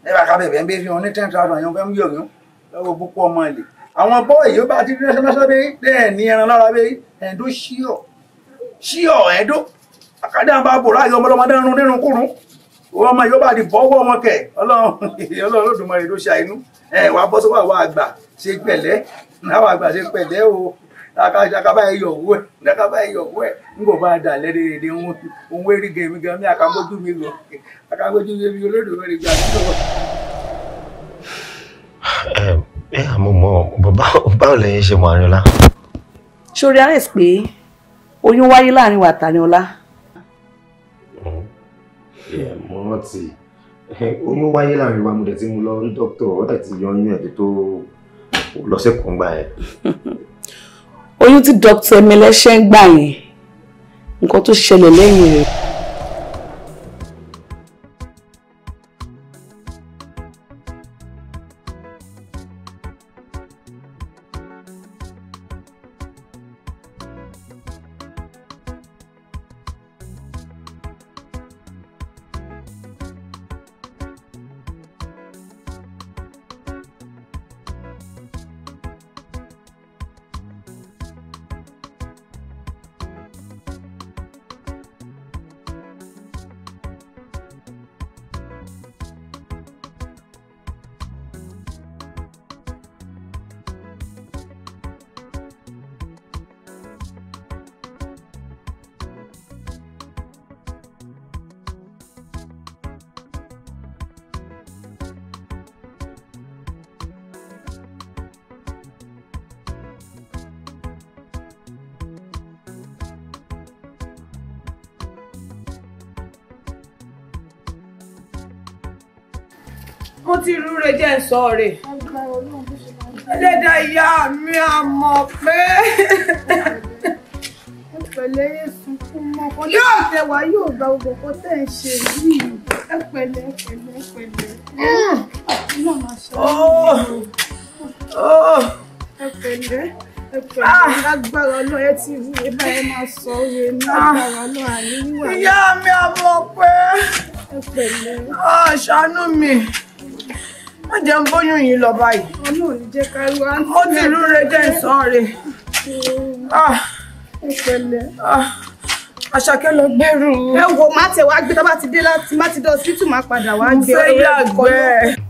ẹ bá ká ń bẹ́ fi hàn ní ten thousand yẹn fẹ́ ń yọ̀ yún lọ́wọ́ púpọ̀ ọmọ àlè àwọn bọ́ọ̀yì ó bá ti rí ẹsẹ̀ mẹ́sàn bẹ́ẹ̀ ní ẹran lára bẹ́ẹ̀ ẹ̀ ń sí ọ̀ẹ́dó àkàdé àwọn bá bòrá ayọ̀ ọmọdé ọmọdé rún nínú kúrún wọn ọmọ yóò bá di bọ́wọ́ wọn kẹ̀ ọlọ́run Olódùmarè ló ṣe àìnú ẹ wà bọ́ sọ́wọ́ àwọn àgbà ṣe pẹ̀lẹ́ àwọn àgbà ṣe pẹ̀lẹ́ o akaba ẹyọ owó ẹ akaba ẹyọ owó ẹ n kò bá dà lẹ́dẹ̀ẹ́dẹ́ ohun eré gẹ̀mí gan mi àkàmójú mi lọ àkàmójú mi Olódùmarè gbà mí lọ. ẹ ẹ àmọ́ mọ́ báwo lẹ́yìn ṣe mọ Arinola. ṣorí àrẹ́sì pé oyún wáyé láàrin wa Taniola. mo rántí oyún wáyé láàrin wa mo dẹ̀ ti mú lọ rí dókítà ọ̀dà ti yan yín ẹ̀dẹ̀ tó lọ́sẹ̀kùn gbà ẹ̀. oyún tí dókítà Ẹmẹlẹ́ṣẹ́ ń gbà yẹn nǹkan tó ṣẹlẹ̀ lẹ́yìn rẹ̀. mo ti rúre jẹ́ ń sọ rè ẹlẹ́dàá ìyá mi a mọ̀ pé pẹ̀lẹ́ yé sunkún mọ́ kó lè ṣe wá yóò gba gbogbo kó tẹ̀ ń ṣe yìí ẹ pẹ̀lẹ́ pẹ̀lẹ́ pẹ̀lẹ́ ẹ pẹ̀lẹ́ ẹ pẹ̀lẹ́ lágbára ọlọ́run ti rí ẹ báyìí máa sọ òye ah! lágbára ọlọ́run àníwá. ìyá mi àmọ̀ pé ẹ pẹ̀lẹ́ ah, ṣàánú mi wọ́n jẹ́ ń bóyún yìí lọ báyìí. ọ̀nà ò ní jẹ́ ká wá. ó ti lúre jẹ́ ìsàn rè. Ah. Ah. Àṣàkẹ́ lọ gbẹ́rù. Ẹ wo má tẹ̀ wá gbé tó bá ti dé láti má ti dé ọsibítù má padà wá gbé. Mo fẹ́ yàgbẹ́.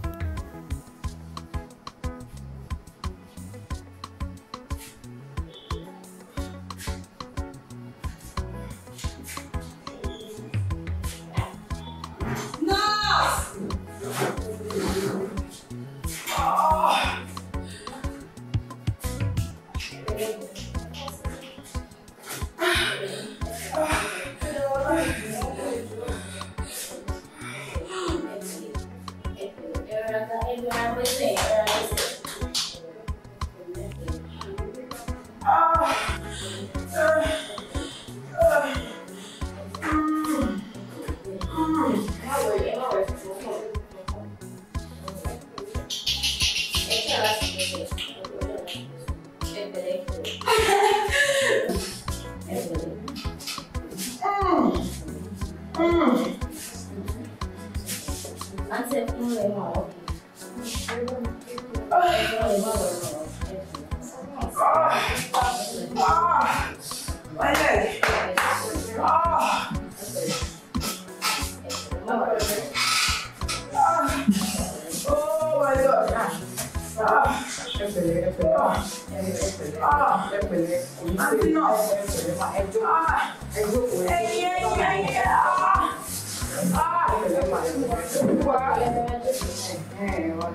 ẹ̀rọ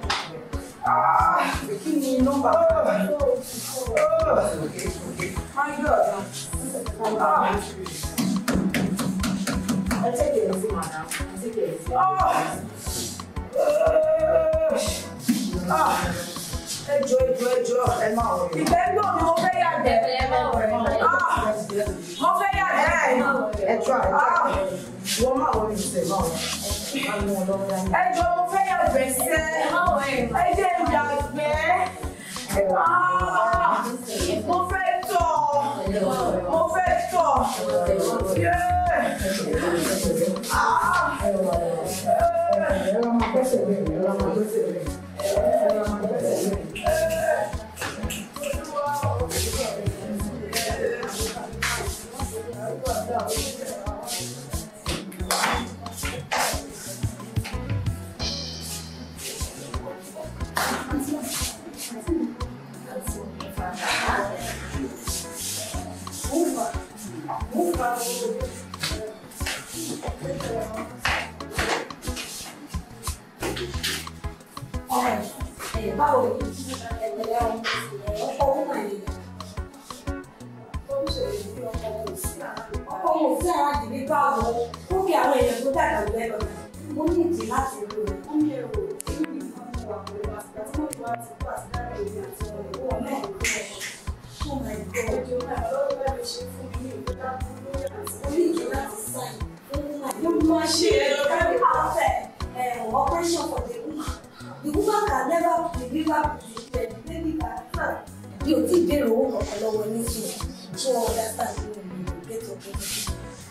ti kí ni nọ́mbà my god ẹ tẹ́kẹ̀ mo fẹ́ yàgbẹ́. Ẹ gbèsè ẹ jẹ́ ìdàgbẹ́ mo fẹ́ tọ̀ mo fẹ́ tọ̀ báwo ó fi àwọn èèyàn tó dàgbà lẹ́nu mo ní ìdí láti rí o. ó ní èrò tí mi nǹkan mú wa pẹ̀lú àtìgbà tí wọ́n ti wá ti kó àtìgbà èmi àti ọ̀rẹ́ wọn náà ń kọ́ ọ́ my bá mi mi never be river the baby by ò tí ì béèrè owó kankan lọ́wọ́ ní ìṣòro ṣé wọ́n understand me get up everything.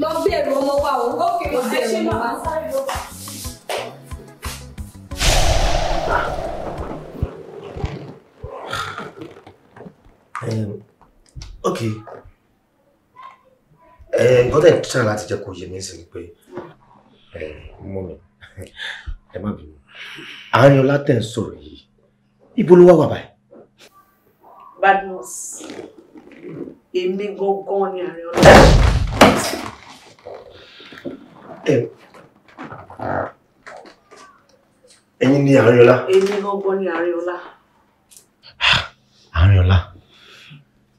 lọ bẹ̀rù ọmọ wa o ó fi ọmọ ẹ ṣe máa sáré lọ. ok nǹkan tẹ̀ ń tẹ̀ láti jẹ́ kó yé mi sí ni pé mọ́ mi ẹ má bínú àárín ọlá tẹ̀ ń sọ̀rọ̀ yìí ibo ló wá wà báyìí. Badmus èmi gangan ni àárín ọlá ẹ̀yin ni Àrínọlá. èmi gangan ni Àrínọlá. Àrínọlá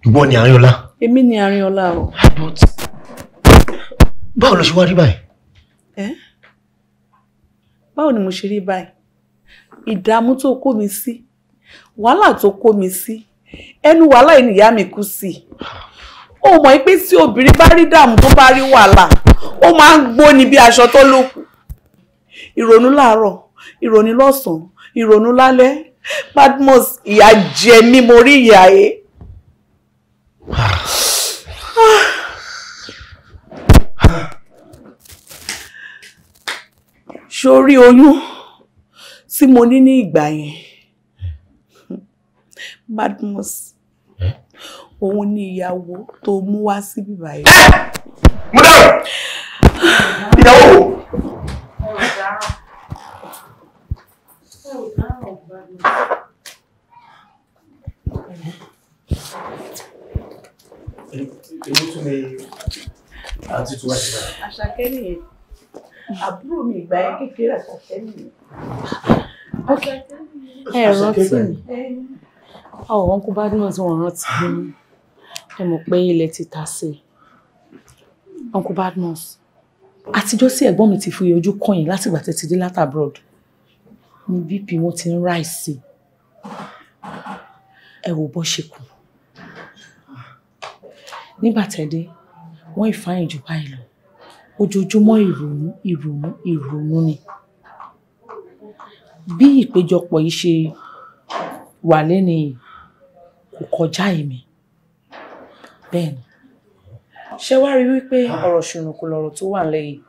ìwọ ni Àrínọlá. èmi ni Àrínọlá o. but báwo ló ṣe wá rí báyìí. ẹ báwo ni mo ṣe rí báyìí ìdààmú tó kó mi sí wàhálà tó kó mi sí ẹnu wàhálà yìí mi kú sí ó mọ̀ pé tí obìnrin bá rí dààmú tó bá rí wàhálà ó máa ń gbóni bí aṣọ tó lókù ìrònú láàárọ̀ ìrònú lọ́sàn-án ìrònú lálẹ́ Badmus ìyà jẹ mí mo rí ìyà ẹ. sórí oyún tí mo ní ní ìgbà yẹn Badmus òun ni ìyàwó tó mú wá sí bíbá yìí. mo dáhùn ìyàwó èyí tún ni àti tí wàá ti bá. àṣàkẹ́ nìyẹn àbúrò mi ìgbà yẹn kékeré àṣàkẹ́ nìyẹn. ẹ rántí mi ọ̀ kó bá dùn ọ̀ tí wọ́n rántí mi ẹ mọ̀ pé ilẹ̀ ti ta sí i uncle badmus àtijọ́ sí ẹ̀gbọ́n mi ti fi ojú kàn yín látìgbà tẹ́ ti dé láti abroad ni bp wọn ti ń ráì sí i ẹ wò bọ́ ṣe kù nígbà tẹ́dé wọ́n ìfáyín jù báyìí lọ ojoojúmọ́ ìrònú ìrònú ìrònú ni bí ìpéjọpọ̀ yìí ṣe wà lẹ́nìí kò kọjá èmi bẹ́ẹ̀ni ṣé wá rí wípé ọ̀rọ̀ ṣùnùkù lọ̀rọ̀ tó wà lẹ́yìn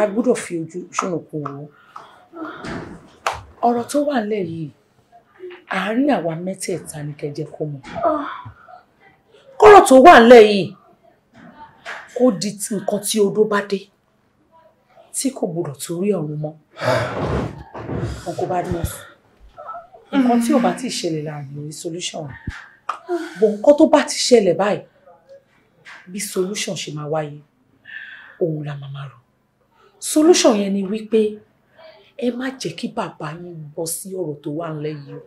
a gbọ́dọ̀ fi ojú ṣùnùkù wò ó ọ̀rọ̀ tó wà lẹ́ yìí àárín àwa mẹ́tẹ̀ẹ̀ta ni kẹjẹ kó mọ̀ kọ́rọ̀ tó wà lẹ́ yìí kó di nǹkan tí odó bá dé tí kò gbọ́dọ̀ torí ọ̀run mọ́ ọkọ̀ bá dé nǹkan tí ò bá ti ṣẹlẹ̀ láàrin solution bọ̀ nǹkan tó bá ti ṣẹlẹ̀ báyìí bí solution ṣe máa wáyé òun la máa máa rò solution yẹn ni wípé ẹ má jẹ́ kí bàbá yín bọ́ sí ọ̀rọ̀ tó wà ńlẹ̀ o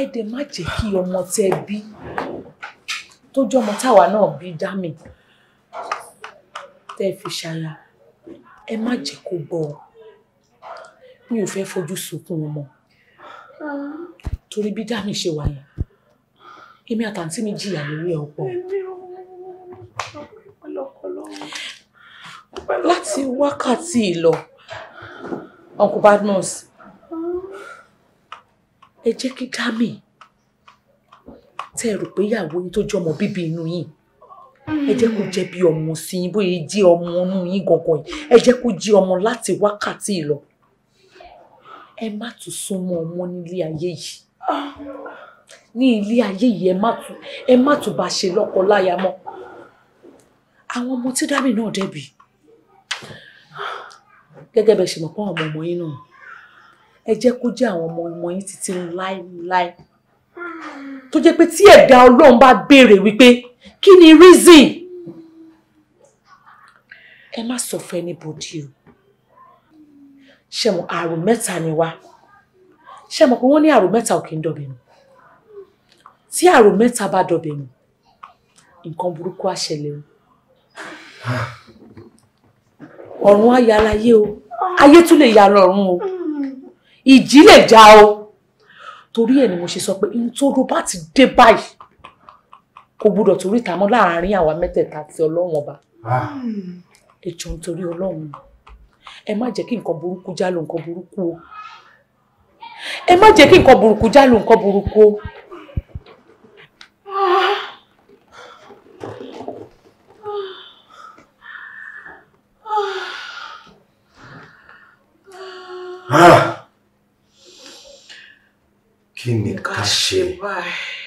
ẹ dẹ̀ má jẹ́ kí ọmọ tẹ́ bí tó jẹ́ ọmọ táwa náà bí dámì tẹ́ fi ṣaya ẹ má jẹ́ kó bọ̀ mi ò fẹ́ fojú sunkún ọmọ torí bí dámì ṣe wà yẹn èmi àtàǹtí mi jìyà lórí ẹ ọ̀pọ̀ láti wákàtí ìlọ uncle badmus ẹ jẹ́ kí dámì tẹ́ ẹ rò pé ìyàwó yín tó jẹ́ ọmọ bíbí inú yìí ẹ jẹ́ kó jẹ́ bí ọmọ sí yín bóyá jẹ́ ọmọ inú yín gangan yìí ẹ jẹ́ kó jẹ́ ọmọ láti wákàtí ìlọ ẹ má tún súnmọ́ ọmọ nílé ayé yìí ní ilé ayé yìí ẹ má tún ẹ má tún bá ṣe lọ́kọ láya mọ́ àwọn ọmọ tí dábì náà dẹ̀bi gẹ́gẹ́ bẹ́ẹ̀ ṣe mọ̀ pọ́n àwọn ọmọ yín náà ẹ jẹ́ kó jẹ́ àwọn ọmọ ọmọ yín títí láéláé tó jẹ́ pé tí ẹ̀dá ọlọ́run bá béèrè wípé kí ni reason ẹ má sọ fún anybody o ṣe mọ̀ àrùn mẹ́ta ni wá ṣe mọ̀ pé wọ́n ní àrùn mẹ́ta ò kì í dọ̀bẹ̀ nù tí àrùn mẹ́ta bá dọ̀bẹ̀ nù nǹkan burúkú á ṣẹlẹ̀ o ọ̀run á ya láyé o ayé tún lè ya lọ́run o ìjì lè já o torí ẹ̀ ni mo ṣe sọ pé nítorí bá ti dé báyìí kò gbúdọ̀ torí ìtàmọ́ láàárín àwa mẹ́tẹ̀ẹ̀ta àti ọlọ́run ọba ah. ẹ jọ̀ọ́ nítorí ọlọ́run o ẹ má jẹ́ kí nǹkan burúkú jálò nǹkan burúkú o ẹ má jẹ́ kí nǹkan burúkú jálò nǹkan burúkú o. Ah! kí ni ká ṣe báyìí.